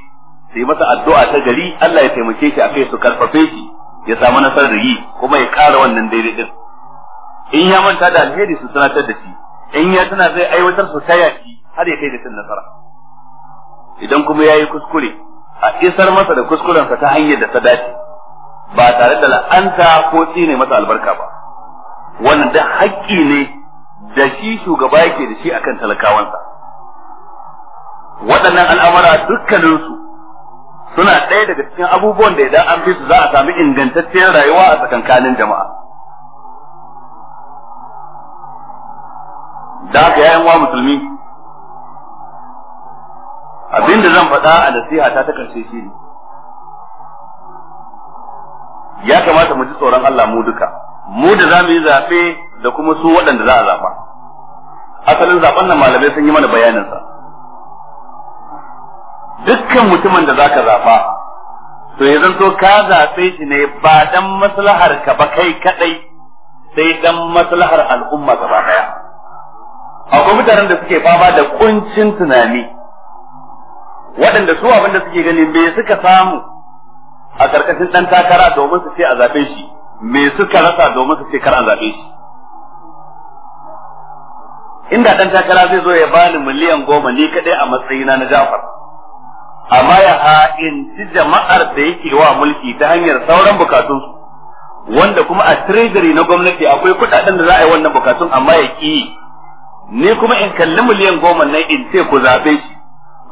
Speaker 1: su yi masa addu'a ta gari Allah ya taimake shi a kai su karfafe shi ya samu nasarar yi kuma ya kara wannan daidai din in ya manta da alheri su sanatar da shi in ya tana zai aiwatar su ta yaki har ya kai da cin nasara idan kuma ya yi kuskure a isar masa da kuskurensa ta hanyar da ta dace ba tare da la'anta ko tsine masa albarka ba wannan da haƙƙi ne da shi shugaba yake da shi akan talakawansa waɗannan al'amura dukkaninsu suna ɗaya daga cikin abubuwan da idan an fi su za a sami ingantacciyar rayuwa a tsakankanin jama'a da haka yayan wa musulmi abinda zan faɗa a nasiha ta ta karshe shi ne ya kamata mu ji tsoron Allah mu duka mu da za mu yi zaɓe da kuma su waɗanda za a zaɓa asalin zaɓen nan malamai sun yi mana bayaninsa dukkan mutumin da zaka zaɓa to ya zanto ka zaɓe shi ne ba dan maslahar ka ba kai kaɗai sai dan maslahar al'umma gaba ɗaya akwai mutanen da suke fama da kuncin tunani waɗanda su abinda suke gani me suka samu a karkashin dan takara domin su ce a zaɓe shi me suka rasa domin su ce kar a zaɓe shi inda dan takara zai zo ya bani miliyan goma ni kaɗai a matsayina na Jafar amma ya ha'inci jama'ar da yake wa mulki ta hanyar sauran bukatunsu wanda kuma a treasury na gwamnati akwai kuɗaɗen da za a yi wannan bukatun amma ya ki ni kuma in kalli miliyan goma nan in ce ku zaɓe shi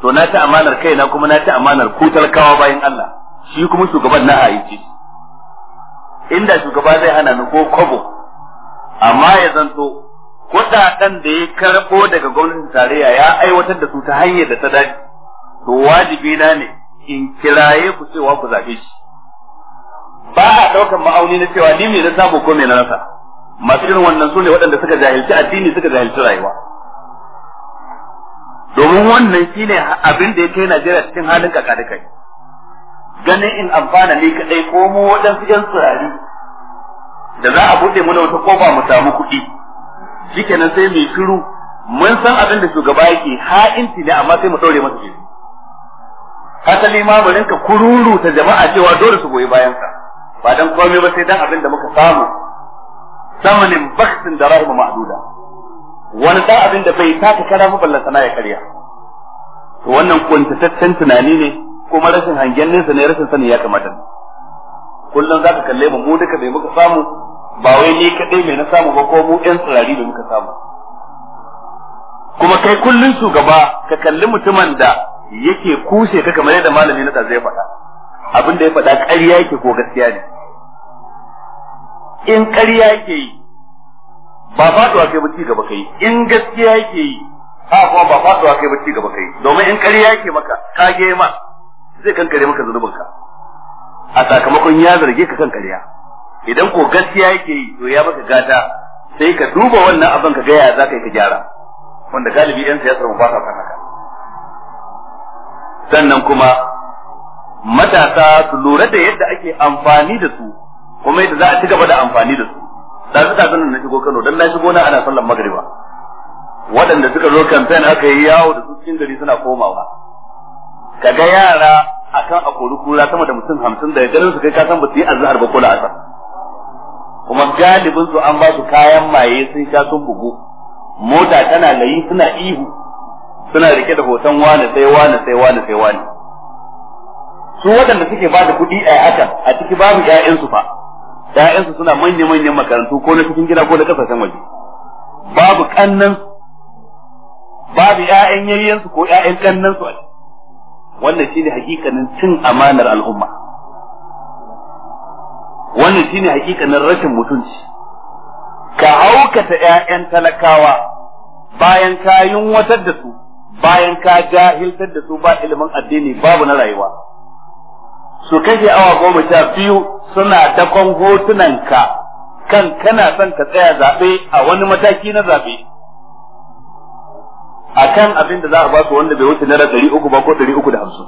Speaker 1: to na ta amanar kai na kuma na ta amanar ku talakawa bayan Allah shi kuma shugaban na aiki inda shugaba zai hana ni ko kwabo amma ya zanto kuɗaɗen da ya karɓo daga gwamnatin tarayya ya aiwatar da su ta hanyar da ta dace to wajibi na ne in kiraye ku cewa ku zaɓe shi ba a ɗaukar ma'auni na cewa ni me na samu ko me na rasa masu irin wannan su ne waɗanda suka jahilci addini suka jahilci rayuwa domin wannan shine abin da ya kai Najeriya cikin halin kaka da kai ganin in amfana ne kadai ko mu waɗansu yan tsirari da za a buɗe mana wata kofa mu samu kuɗi shi kenan sai mai shiru mun san abin da shugaba yake ha'inci ne amma sai mu ɗaure masa jiki asali ma mu rinka kururu ta jama'a cewa dole su goyi bayansa. ba dan komai ba sai dan abin da muka samu samanin baksin da rahimu ma'duda wani da abin da bai taka kana ba ballan sana ya karya to wannan kuntataccen tunani ne kuma rashin hangen nesa ne rashin sani ya kamata kullum za ka kalle mu mu duka bai muka samu ba wai ni kadai mai na samu ba ko mu ɗan tsirari da muka samu kuma kai kullun shugaba ka kalli mutumin da yake kushe ka kamar yadda malami na zai faɗa abin da ya faɗa ƙarya yake ko gaskiya ne in ƙarya yake yi ba faduwa kai ba ci gaba kai in gaskiya yake yi a kuma ba faduwa kai ba ci gaba kai domin in ƙarya yake maka ka kage ma zai kankare maka ka. a sakamakon ya zarge ka kan ƙarya idan ko gaskiya yake yi to ya maka gata sai ka duba wannan abin ka ga ya za ka yi ka gyara wanda galibi yan siyasar mu ba sa kan haka sannan kuma matasa su lura da yadda ake amfani da su kuma yadda za a ci gaba da amfani da su da dazu nan na shigo Kano dan na shigo na ana sallar magriba waɗanda suka zo campaign aka yi yawo da su cikin gari suna komawa kaga yara akan akori kura sama da mutum hamsin da garin su kai ka san ba su yi azhar ba kula asar kuma galibin su an ba su kayan maye sun sha sun bugu mota tana layi suna ihu suna rike da hoton wani sai wani sai wani sai wani su waɗanda suke ba da kuɗi a hakan a ciki babu 'ya'yansu fa Ya'yansu suna manya manyan makarantu ko na cikin gida ko na kasashen waje babu kannan babu ƴaƴan yayyansu ko ƴaƴan kannan su wannan shi ne hakikanin cin amanar al'umma wannan shi ne hakikanin rashin mutunci ka haukata ƴaƴan talakawa bayan ka yunwatar da su bayan ka jahiltar da su ba ilimin addini babu na rayuwa su kashe awa goma sha biyu suna dakon hotunanka kan kana son ka tsaya zaɓe a wani mataki na zaɓe a kan abin da za a ba su wanda bai wuce naira ɗari uku ba ko ɗari uku da hamsin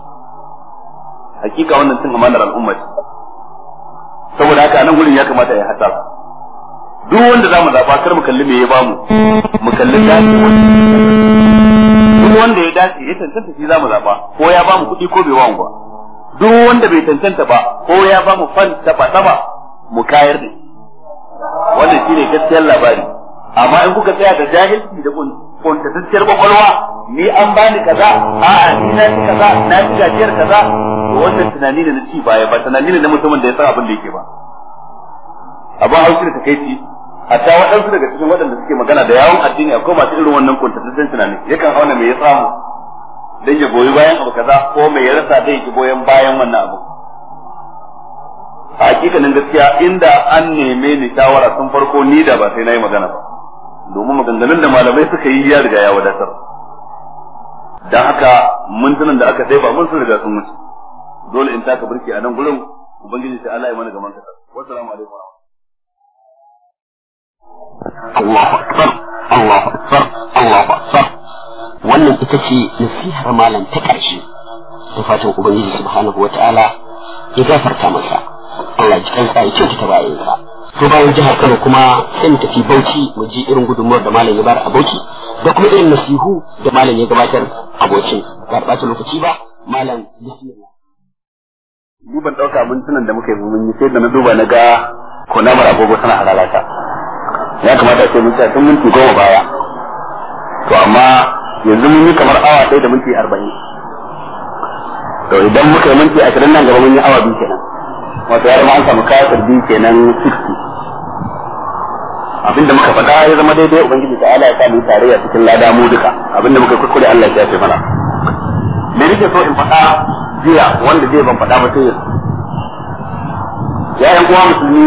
Speaker 1: hakika wannan cin amanar al'umma ce saboda haka nan gurin ya kamata ya hasa duk wanda za mu zaɓa kar mu kalli me ya ba mu mu kalli dace duk wanda ya dace ya tantance shi za mu zaɓa ko ya ba mu kuɗi ko bai ba mu ba duk wanda bai tantanta ba ko ya ba mu fan taba taba mu kayar ne wannan shine gaskiyar labari amma in kuka tsaya da jahilci da kuntatacciyar kwakwalwa ni an bani kaza a'a ni na ci kaza na ci gajiyar kaza to wannan tunani ne na ci baya ba tunani ne na mutumin da ya san abin da yake ba abin haushi da a ta waɗansu daga cikin waɗanda suke magana da yawon addini akwai masu irin wannan kuntatattun tunani yakan auna me ya samu dan ya goyi bayan abu kaza ko mai rasa zai ki goyen bayan wannan abu a hakikanin gaskiya inda an neme ni shawara sun farko ni da ba sai nayi magana ba domin maganganun da malamai suka yi ya riga ya wadatar dan haka mintunan da aka ba mun sun riga sun mutu dole in taka burki a nan gurin ubangiji sai Allah ya mana gaman kasa wassalamu alaikum
Speaker 2: الله أكبر الله أكبر الله أكبر wannan ita ce nasihar malam ta ƙarshe da fatan
Speaker 1: ubangiji subhanahu ta'ala ya gafarta masa Allah ji kansa ya kyautata bayansa to bayan jihar Kano kuma sai mu tafi Bauchi mu ji irin gudunmuwar da malam ya bar a Bauchi da kuma irin nasihu da malam ya gabatar a Bauchi ba ta lokaci ba
Speaker 2: malam bismillah
Speaker 1: ni ban dauka mun tunan da muka yi mun yi sai da na duba na ga
Speaker 2: konamar agogo tana halalata ya kamata
Speaker 1: sai mun tsaya tun minti goma baya to amma yanzu mun yi kamar awa ɗaya da minti arba'in to idan muka yi minti ashirin nan gaba mun yi awa biyu kenan wato ya zama an samu kasar biyu kenan sixty abinda muka faɗa ya zama daidai ubangiji ta ala ya sa mu tarayya cikin lada mu duka abinda muka kuskure Allah ya ce mana me nake so in faɗa jiya wanda zai ban faɗa ba sai yanzu yayan uwa musulmi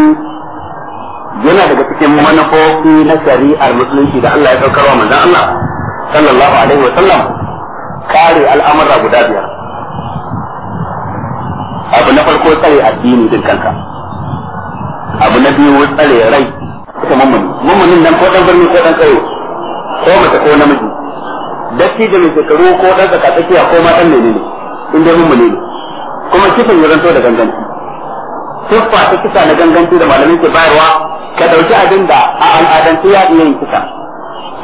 Speaker 1: yana daga cikin manufofi na shari'ar musulunci da Allah ya saukarwa manzon Allah sallallahu alaihi wa sallam
Speaker 2: kare al'amura
Speaker 1: guda biyar abu na farko tsare addini din kanka abu na biyu tsare rai ita mummuni mummunin nan ko dan birni ko dan tsayo ko mace ko namiji dattijo mai shekaru ko dan tsaka tsakiya ko ma dan menene in dai mummuni ne kuma kifin ya to da ganganci tuffa ta kisa na ganganci da malamin ke bayarwa ka dauki abin da a al'adance ya iya yin kisa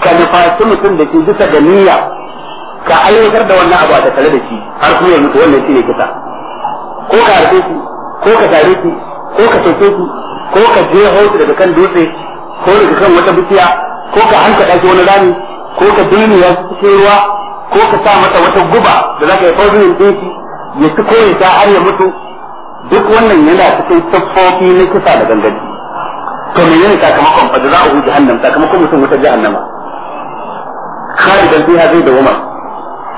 Speaker 1: ka nufaci mutum da ke bisa da niyya ka aiwatar da wannan abu a tattare da shi har kuma ya mutu wannan shi ne kisa ko ka harfe shi ko ka tare shi ko ka soke shi ko ka je hausu daga kan dutse ko daga kan wata bishiya ko ka hanka ɗaki wani rami ko ka dini ya cikin ruwa ko ka sa mata wata guba da za ka yi fauzin ɗin shi ya ci ko ya har ya mutu duk wannan yana cikin siffofi na kisa da gangaji to menene sakamakon fa da za a huji hannam sakamakon mutum wuta jahannama khalidan fiha zai dawama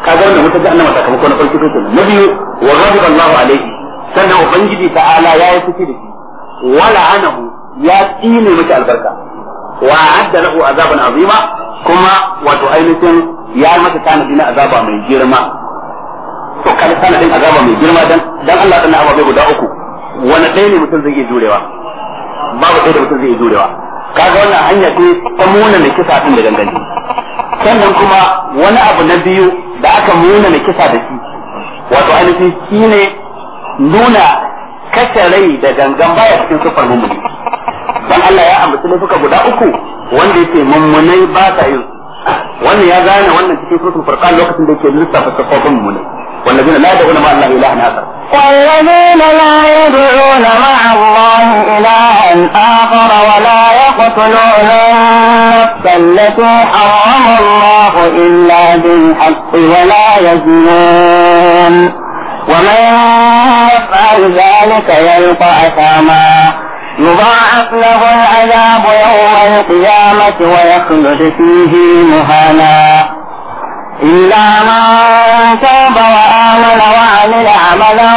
Speaker 1: kaga wannan wuta jahannama sakamako na farko kenan na biyu wa ghadiba Allah alaihi sannan ubangiji ta'ala ya yi fushi da shi wala anahu ya tsine miki albarka wa adda lahu azaban azima kuma wato ainihin ya yi masa tanadi na azaba mai girma to kan tanadin azaba mai girma dan dan Allah dan ababe guda uku wani ɗaya ne mutum zai iya jurewa babu ɗaya da mutum zai iya jurewa kaga wannan hanya ce ta muna mai kisa din da ganganci sannan kuma wani abu na biyu da aka nuna na kisa da shi wato ainihin shi ne nuna kashe rai da gangan baya cikin sufar mummuni don Allah ya ambaci suka guda uku wanda yake mummunai ba sa yin wannan ya gane wannan cikin sufar furqan lokacin da yake lissafa sufar mummunai والذين لا يدعون مع
Speaker 3: الله إلها آخر والذين لا يدعون مع الله إلها آخر ولا يقتلون النفس التي حرم الله إلا بالحق ولا يزنون ومن يفعل ذلك يلقى أثاما يضاعف له العذاب يوم القيامة ويخلد فيه مهانا إلا من تاب وآمن وعمل عملا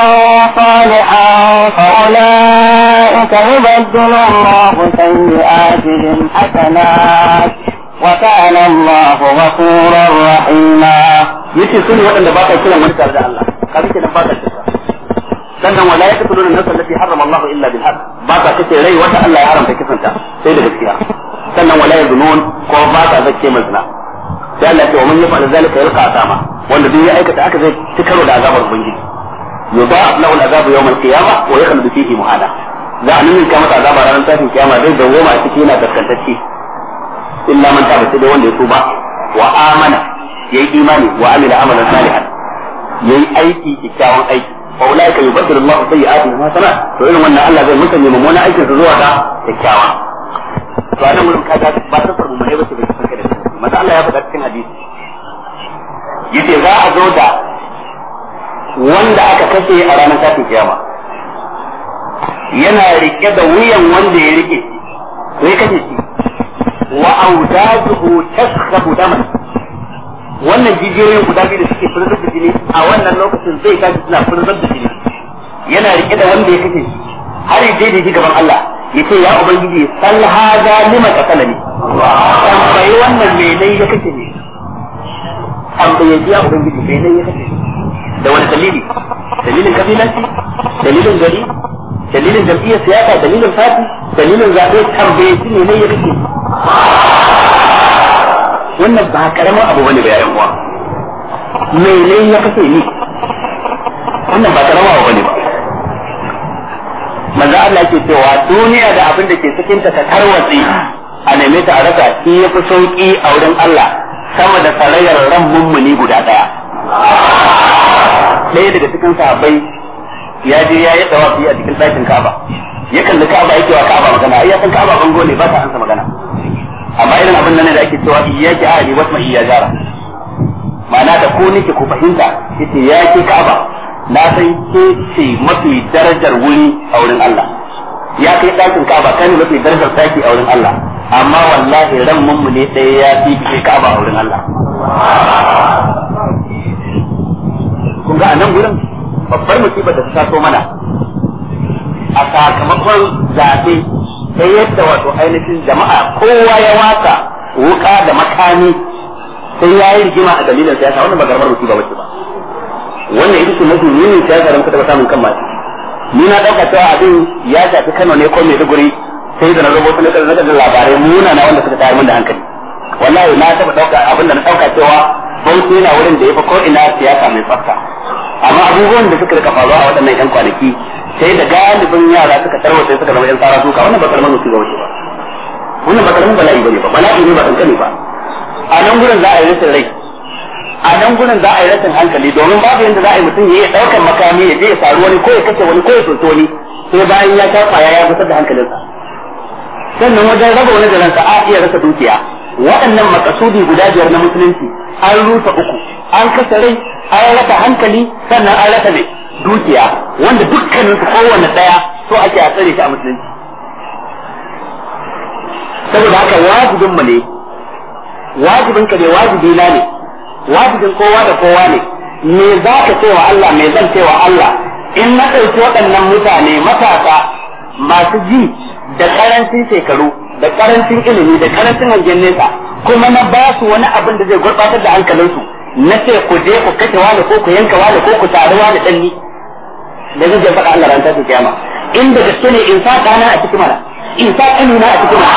Speaker 3: صالحا فأولئك يبدل الله سيئاتهم حسنات وكان الله غفورا رحيما. يجي سوني وقت باقي كلهم ونسى رجع الله. خليك اللي باقي
Speaker 2: كلهم.
Speaker 1: لأنهم لا يقتلون النفس التي حرم الله إلا بالحق. باقي كلهم لي وقت الله يحرم في كيف انت. سيدي بالسياق.
Speaker 2: لأنهم لا يظنون كوباك هذا
Speaker 1: الشيء مزنا. sai Allah ya ce wa man yafa'al zalika yalqa asama wanda duk ya aikata aka zai ci karo da azabar ubangiji yudha'af lahu al-azab yawm al-qiyamah wa yakhlud fihi muhada za a nuna masa azaba ranar tashin kiyama zai dawoma a ciki yana kaskantacce illa man taba sai wanda ya tuba wa amana yayi imani wa amila amalan salihan yayi aiki kikkiawan aiki fa ulaika yubaddilu Allahu sayyi'atihim hasanat to irin wannan Allah zai mutane mummunan aikin su zuwa ga kikkiawa to anan mun kaga ba ta farmu ne ba ce manzo Allah ya faɗa cikin hadisi
Speaker 2: yace za a zo da
Speaker 1: wanda aka kashe a ranar tashin kiyama yana rike da wuyan wanda ya rike sai kashe shi wa audaduhu tashkhu daman wannan jijiyoyin guda biyu da suke furzar da jini a wannan lokacin zai tashi suna furzar da jini yana rike da wanda ya kashe shi har yaje je da gaban Allah yace ya ubangiji sal hada lima qatalani tambayi wannan menai ya kake ne tambaye biya ubangiji menai ya kake ne da wani dalili dalilin kabilanci dalilin gari dalilin jam'iyyar siyasa dalilin fati dalilin zaɓe tambaye shi menai ya kake ne. wannan ba karamin abu bane ba yayan uwa menai ya kake ne wannan ba karamin abu bane ba manzo Allah ke cewa duniya da abin da ke cikin ta ta tarwatsi a neme ta a raka shi ya fi sauki a wurin Allah sama da tsarayyar ran mummuni guda daya ɗaya daga cikin sahabbai ya je ya yi tsawafi a cikin ɗakin Ka'aba ya kalli Ka'aba yake wa Ka'aba magana ai ya san Ka'aba bango ne ba ta ansa magana amma irin abin nan da ake cewa iyyaki ahli ma iyya jara ma'ana da ko nake ku fahimta yace ya ke Ka'aba na san ke ce mafi darajar wuri a wurin Allah ya kai ɗakin Ka'aba kai ne mafi darajar taki a wurin Allah amma wallahi ran mu ne sai ya fi ke ka a wurin Allah kun ga anan gurin babbar musibar da ta so mana a sakamakon zaɓe sai yadda wato ainihin jama'a kowa ya wasa wuka da makami sai ya yi rigima a dalilin siyasa wannan ba garmar musiba wacce ba wannan ita ce yi ne siyasa da muka taɓa samun kan ni na ɗauka cewa abin ya shafi Kano ne ko Maiduguri sai da na rubuta na karanta da labarai nuna na wanda suka tayar min da hankali wallahi na taba dauka abin da na dauka cewa bauchi yana wurin da ya fa ko ina siyasa mai tsafta amma abubuwan da suka rika faruwa a waɗannan yan kwanaki sai da galibin yara suka tarwace suka zama yan tsara suka wannan ba karamin mutum ga wuce ba wannan ba karamin bala'i bane ba bala'i ne ba kankani ba a nan gurin za a yi rashin rai a nan gurin za a yi rashin hankali domin babu yadda za a yi mutum ya yi ɗaukar makami ya je ya faru wani ko ya kashe wani ko ya soso wani sai bayan ya shafa ya ya gusar da hankalinsa sannan wajen raba wani jaransa a iya rasa dukiya waɗannan makasudi guda biyar na musulunci an rusa uku an kasa rai an rasa hankali sannan an rasa ne dukiya wanda dukkanin su kowanne ɗaya so ake a tsare shi a musulunci
Speaker 2: saboda haka wajibin
Speaker 1: mu ne wajibin ka ne wajibi na ne wajibin kowa da kowa ne me za ka ce wa Allah me zan ce wa Allah in na ɗauki waɗannan mutane matasa masu ji da karancin shekaru da karancin ilimi da karancin hangen nesa kuma na ba su wani abin da zai gurbatar da hankalinsu na ce ku je ku kashe wani ko ku yanka wani ko ku tare wani danni da zai je faɗa Allah ranta su kiyama in da gaske ne in sa dana a cikin mana in
Speaker 3: sa kanina a cikin mana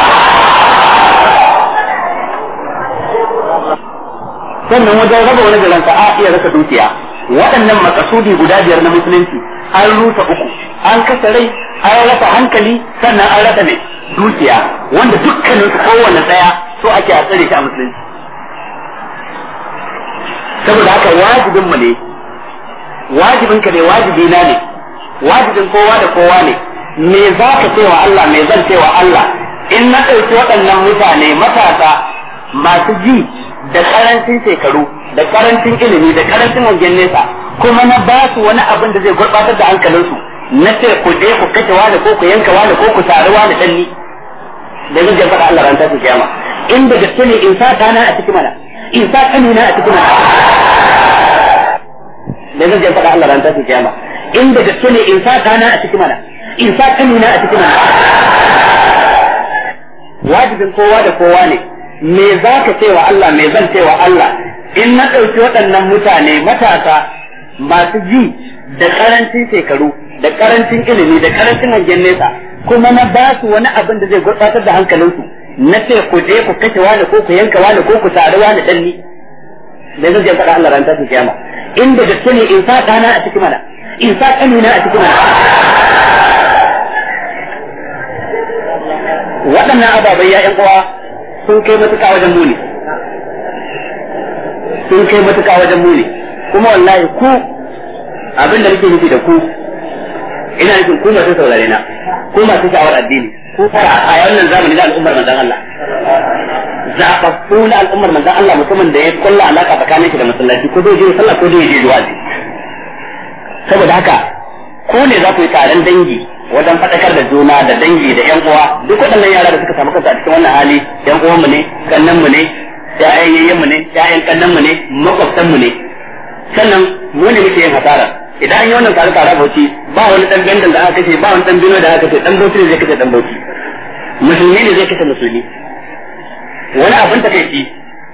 Speaker 1: sannan wajen raba wani garin sa'a iya rasa dukiya waɗannan makasudi guda biyar na musulunci an rusa uku an kasa rai an rasa hankali sannan an rasa ne dukiya wanda dukkanin kowane daya so ake a tsare shi a musulunci saboda haka wajibin mu ne wajibin ka ne wajibi na ne wajibin kowa da kowa ne me za ka cewa Allah me zan cewa Allah in na ɗauki waɗannan mutane matasa masu ji da karancin shekaru da karancin ilimi da karancin hangen nesa kuma na ba su wani abin da zai gurɓatar da hankalinsu na ce ku je ku kashe wani ko ku yanka wani ko ku sari wani danni da zai faɗa Allah ran tashi kiyama in da gaske ne in sa na a cikin mana in sa kanu na a cikin mana da zai faɗa Allah ran tashi kiyama in da gaske ne in sa na a cikin mana in sa kanu na a cikin mana wajibin kowa da kowa ne me za ka ce wa Allah me zan ce wa Allah in na ɗauki waɗannan mutane matasa masu ji da ƙarancin shekaru da karancin ilimi da karancin hangen nesa kuma na ba su wani abin da zai gurbatar da hankalinsu na ce ku je ku kashe wani ko ku yanka wani ko ku tare wani dan ni da zai je faɗa Allah ranta ta kiyama inda da ne in sa dana a cikin mana in sa na a cikin mana waɗannan ababai ya ƴan uwa sun kai matuƙa wajen muni sun kai matuƙa wajen muni kuma wallahi ku abin da nake nufi da ku ina nufin ku masu saurare na ku masu sha'awar addini ku fara a wannan zamani da al'ummar manzon Allah zaɓaɓɓu na al'ummar manzon Allah musamman da ya kulla alaka tsakanin shi da masallaci ko zai je sallah ko zai je duwaji saboda haka ku ne za ku yi taron dangi wajen faɗakar da juna da dangi da ƴan uwa duk waɗannan yara da suka samu kansu a cikin wannan hali ƴan uwanmu ne kannanmu ne ƴaƴan yayyenmu ne ƴaƴan kannanmu ne makwabtanmu ne sannan mu ne muke yin hasara idan an yi wannan tare tare bauchi ba wani dan bendan da aka ce ba wani dan bino da aka ce dan bauchi ne zai kace dan bauchi musulmi ne zai kace musulmi wani abin takaici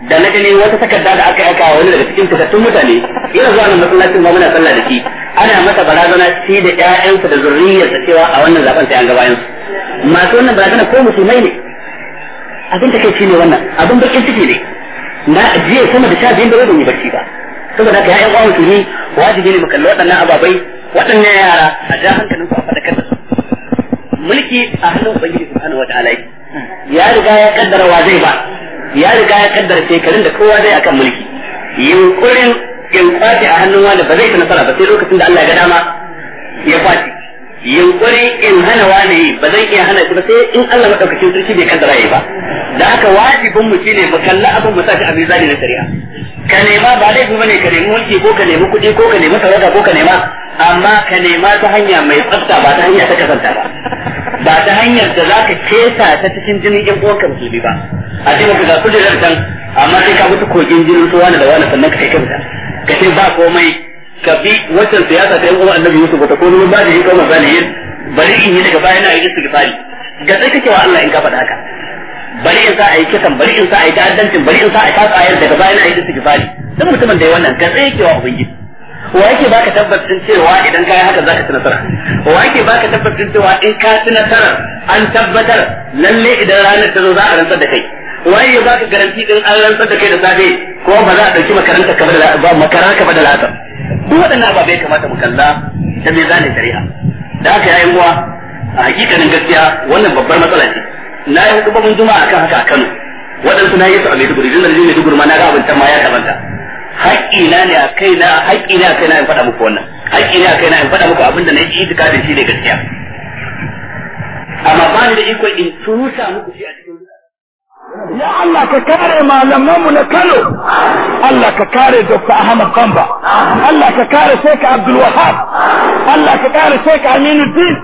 Speaker 1: da na gani wata takarda da aka aika wani daga cikin fitattun mutane ina zuwa nan masallacin ba muna sallah da shi ana masa barazana shi da ƴaƴansa da zurriyarsa cewa a wannan zaben sai an gabayan masu wannan barazana ko musulmai ne abin ci ne wannan abin bakin ciki ne na jiya sama da sha biyun da wani barci ba saboda ka ya'yan uwa musulmi wajibi ne mu kalli waɗannan ababai waɗannan yara a ja hankalin ku a fadakar da su mulki a hannun ubangiji subhanahu wataala ya riga ya kaddara wa zai ba ya riga ya kaddara shekarun da kowa zai akan mulki yunkurin in kwace a hannun wani ba zai ta nasara ba sai lokacin da Allah ya ga dama ya kwace yunkuri in hana wani ba zan iya hana shi ba sai in Allah madaukakin sarki bai kaddara yi ba da haka wajibin mu shine mu kalla abin mu sashi a mizani na shari'a ka nema ba laifi bane ka nemi mulki ko ka nemi kuɗi ko ka nemi sarauta ko ka nema amma ka nema ta hanya mai tsafta ba ta hanya ta kasanta ba ba ta hanyar da zaka kesa ta cikin jinin yan uwanka musulmi ba a ce maka ga kujerar can amma sai ka mutu kogin jinin su wani da wani sannan ka kai ka ce ba komai ka bi wancan siyasa ta yan uwan annabi Yusuf ta ko ba da yake wannan zalihin bari in yi daga baya na yi istighfari da sai kake wa Allah in ka faɗa haka bari in sa a yi kisan bari in sa a yi ta'addancin bari in sa a kasa ayar daga baya na yi istighfari duk mutumin da ya wannan ka tsaye wa ubangiji wa yake baka tabbacin cewa idan kai haka zaka ci nasara wa yake baka tabbacin cewa in ka ci nasara an tabbatar lalle idan ranar ta zo za a rantsar da kai waye ya baka garanti din an rantsar da kai da safe ko ba za a dauki makaranta ka ba makaranta ka ba da latar duk waɗannan ababe ya kamata mu kalla ta me zane shari'a da aka yayin uwa a hakikanin gaskiya wannan babbar matsala ce na yi babban juma'a akan haka a Kano waɗansu na yi su a Maiduguri jin da Maiduguri ma na ga abin ma ya
Speaker 3: haƙƙi na ne a haƙƙi ne a na in
Speaker 1: faɗa muku wannan Haƙƙi ne a na in faɗa muku abinda na yi itikadin shi ne gaskiya amma ba
Speaker 2: ni da iko in tusa muku shi a cikin ya Allah ka kare malamanmu na Kano Allah ka kare
Speaker 1: Dr. Ahmad Bamba
Speaker 2: Allah ka kare Sheikh Abdul Wahab
Speaker 3: Allah ka kare Sheikh Aminu Din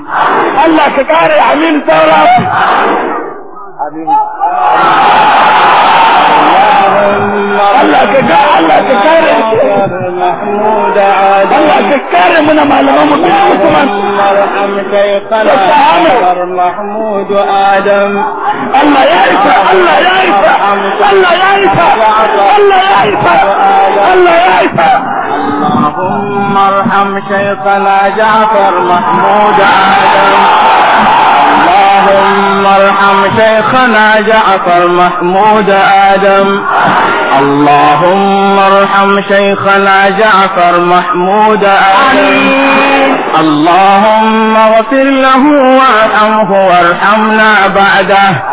Speaker 3: Allah ka kare Aminu Taurafi Amin
Speaker 2: محمود
Speaker 3: آدم الله يا الله يا الله يا الله يا الله يا اللهم ارحم شيخنا جعفر محمود آدم اللهم ارحم شيخنا جعفر محمود آدم اللهم ارحم شيخنا جعفر محمود آمين اللهم اغفر له وارحمه وارحمنا بعده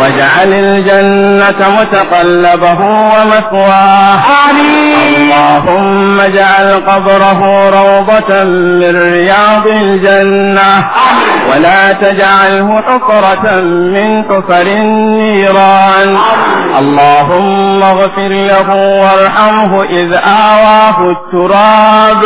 Speaker 3: واجعل الجنة متقلبه ومثواه
Speaker 2: اللهم
Speaker 3: اجعل قبره روضة من رياض الجنة ولا تجعله حفرة من حفر النيران اللهم اغفر له وارحمه إذ آواه التراب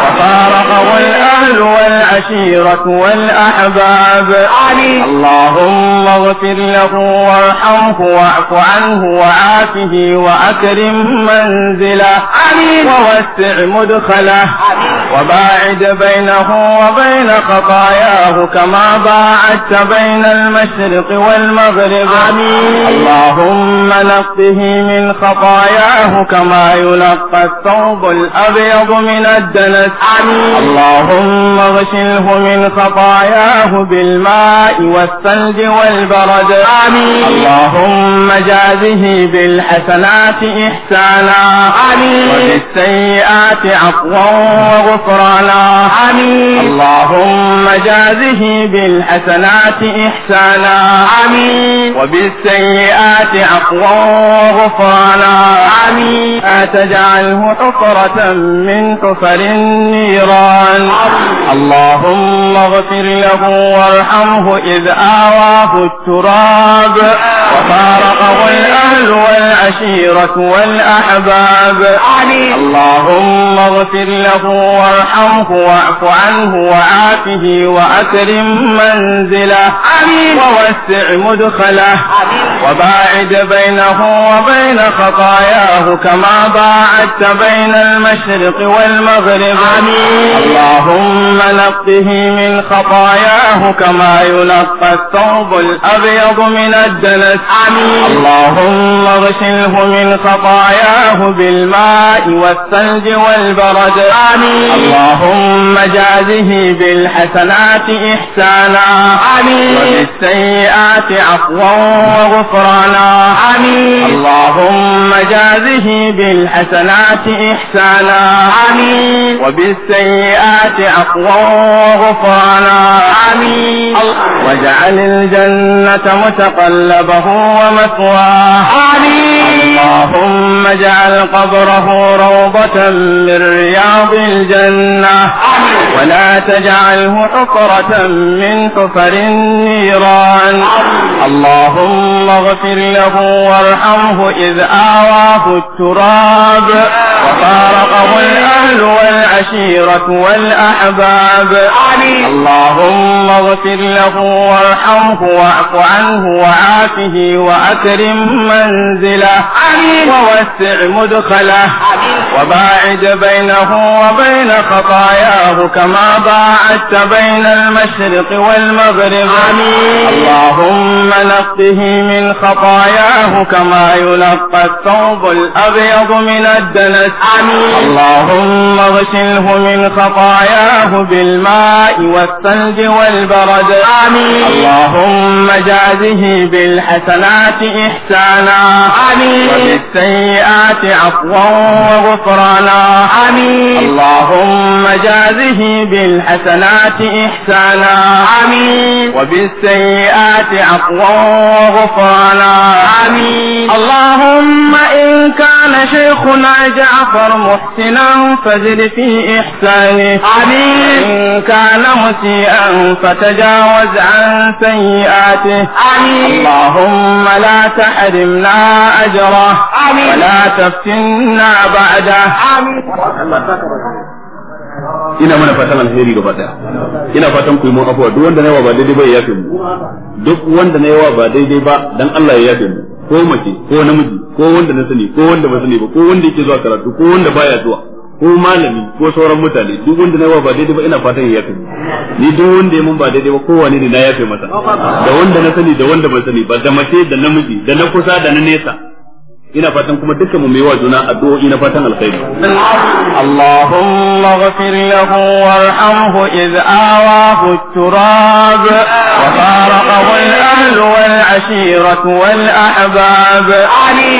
Speaker 3: وفارقه الأرض الأهل والعشيرة والأحباب آمين اللهم اغفر له وارحمه واعف عنه وعافه وأكرم منزله آمين ووسع مدخله آمين وباعد بينه وبين خطاياه كما باعدت بين المشرق والمغرب آمين اللهم نقه من خطاياه كما ينقى الثوب الأبيض من الدنس آمين اللهم ثم اغسله من خطاياه بالماء والثلج والبرد آمين اللهم جازه بالحسنات إحسانا آمين وبالسيئات عفوا وغفرانا آمين اللهم جازه بالحسنات إحسانا آمين وبالسيئات عفوا وغفرانا آمين لا تجعله حفرة من حفر النيران آمين اللهم اغفر له وارحمه إذ آواه التراب وفارقه الأهل والعشيرة والأحباب اللهم اغفر له وارحمه واعف عنه وعافه وأكرم منزله ووسع مدخله وباعد بينه وبين خطاياه كما باعدت بين المشرق والمغرب اللهم اللهم نقه من خطاياه كما ينقى الثوب الأبيض من الدنس آمين اللهم اغسله من خطاياه بالماء والثلج والبرد آمين اللهم جازه بالحسنات إحسانا آمين وبالسيئات عفوا وغفرانا آمين اللهم جازه بالحسنات إحسانا آمين وبالسيئات عفوا وغفرانا آمين واجعل الجنة متقلبه ومثواه آمين اللهم اجعل قبره روضة من رياض الجنة آمين ولا تجعله حفرة من حفر النيران اللهم اغفر له وارحمه إذ آواه التراب وفارقه الأهل والعشيرة والأحباب اللهم اغفر له وارحمه واعف عنه وعافه وأكرم منزله ووسع مدخله وباعد بينه وبين خطاياه كما كما باعدت بين المشرق والمغرب آمين اللهم نقه من خطاياه كما يلقى الثوب الأبيض من الدنس آمين اللهم اغسله من خطاياه بالماء والثلج والبرد آمين اللهم جازه بالحسنات إحسانا آمين وبالسيئات عفوا وغفرانا آمين اللهم جازه بالحسنات إحسانا آمين وبالسيئات عفوا وغفرانا آمين اللهم إن كان شيخنا جعفر محسنا فزد في إحسانه آمين إن كان مسيئا فتجاوز عن سيئاته آمين اللهم لا تحرمنا أجره آمين ولا تفتنا بعده آمين
Speaker 1: ina mana fatan alheri gaba daya ina fatan ku yi mun afuwa duk wanda na yawa ba daidai ba ya yafe mu duk wanda na yawa ba daidai ba dan Allah ya yafe mu ko mace ko namiji ko wanda na sani ko wanda ba sani ba ko wanda yake zuwa karatu ko wanda baya zuwa ko malami ko sauran mutane duk wanda na yawa ba daidai ba ina fatan ya yafe mu ni duk wanda ya mun ba daidai ba kowane ne na yafe masa da wanda na sani da wanda ba sani ba da mace da namiji da na kusa da na nesa ina fatan kuma dukkan mu mai wa juna addu'o'i na fatan alkhairi
Speaker 3: Allahumma ighfir lahu warhamhu idh awahu turab wa faraqahu al-ahl wal ashiratu wal ahbab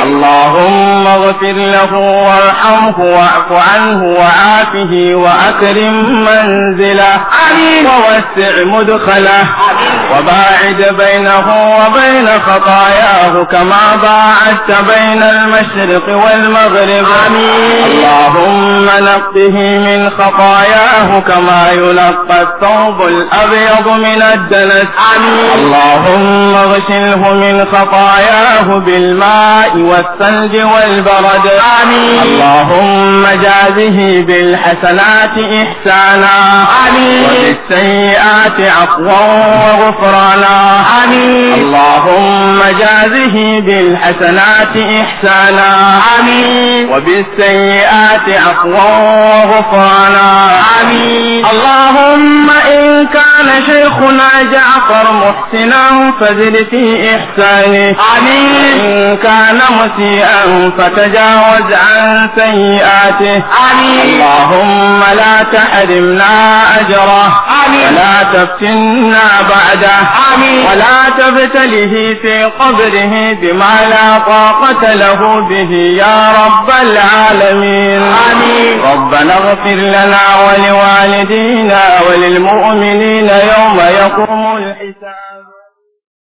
Speaker 3: Allahumma ighfir lahu warhamhu wa'fu anhu wa'afihi wa akrim manzila wa wasi' mudkhala
Speaker 2: wa
Speaker 3: ba'id bainahu wa bain khatayahu kama ba'adta bain المشرق والمغرب آمين اللهم نقه من خطاياه كما يلقى الثوب الأبيض من الدنس آمين اللهم اغسله من خطاياه بالماء والثلج والبرد آمين اللهم جازه بالحسنات إحسانا آمين وبالسيئات عفوا وغفرانا آمين اللهم جازه بالحسنات إحسانا السلام آمين وبالسيئات عفوا وغفرانا آمين اللهم إن كان شيخنا جعفر محسنا فزد في إحسانه آمين إن كان مسيئا فتجاوز عن سيئاته آمين اللهم لا تحرمنا أجره آمين ولا تفتنا بعده آمين ولا تبتله في قبره بما لا طاقة له به يا رب العالمين آمين ربنا اغفر لنا ولوالدينا وللمؤمنين يوم يقوم الحساب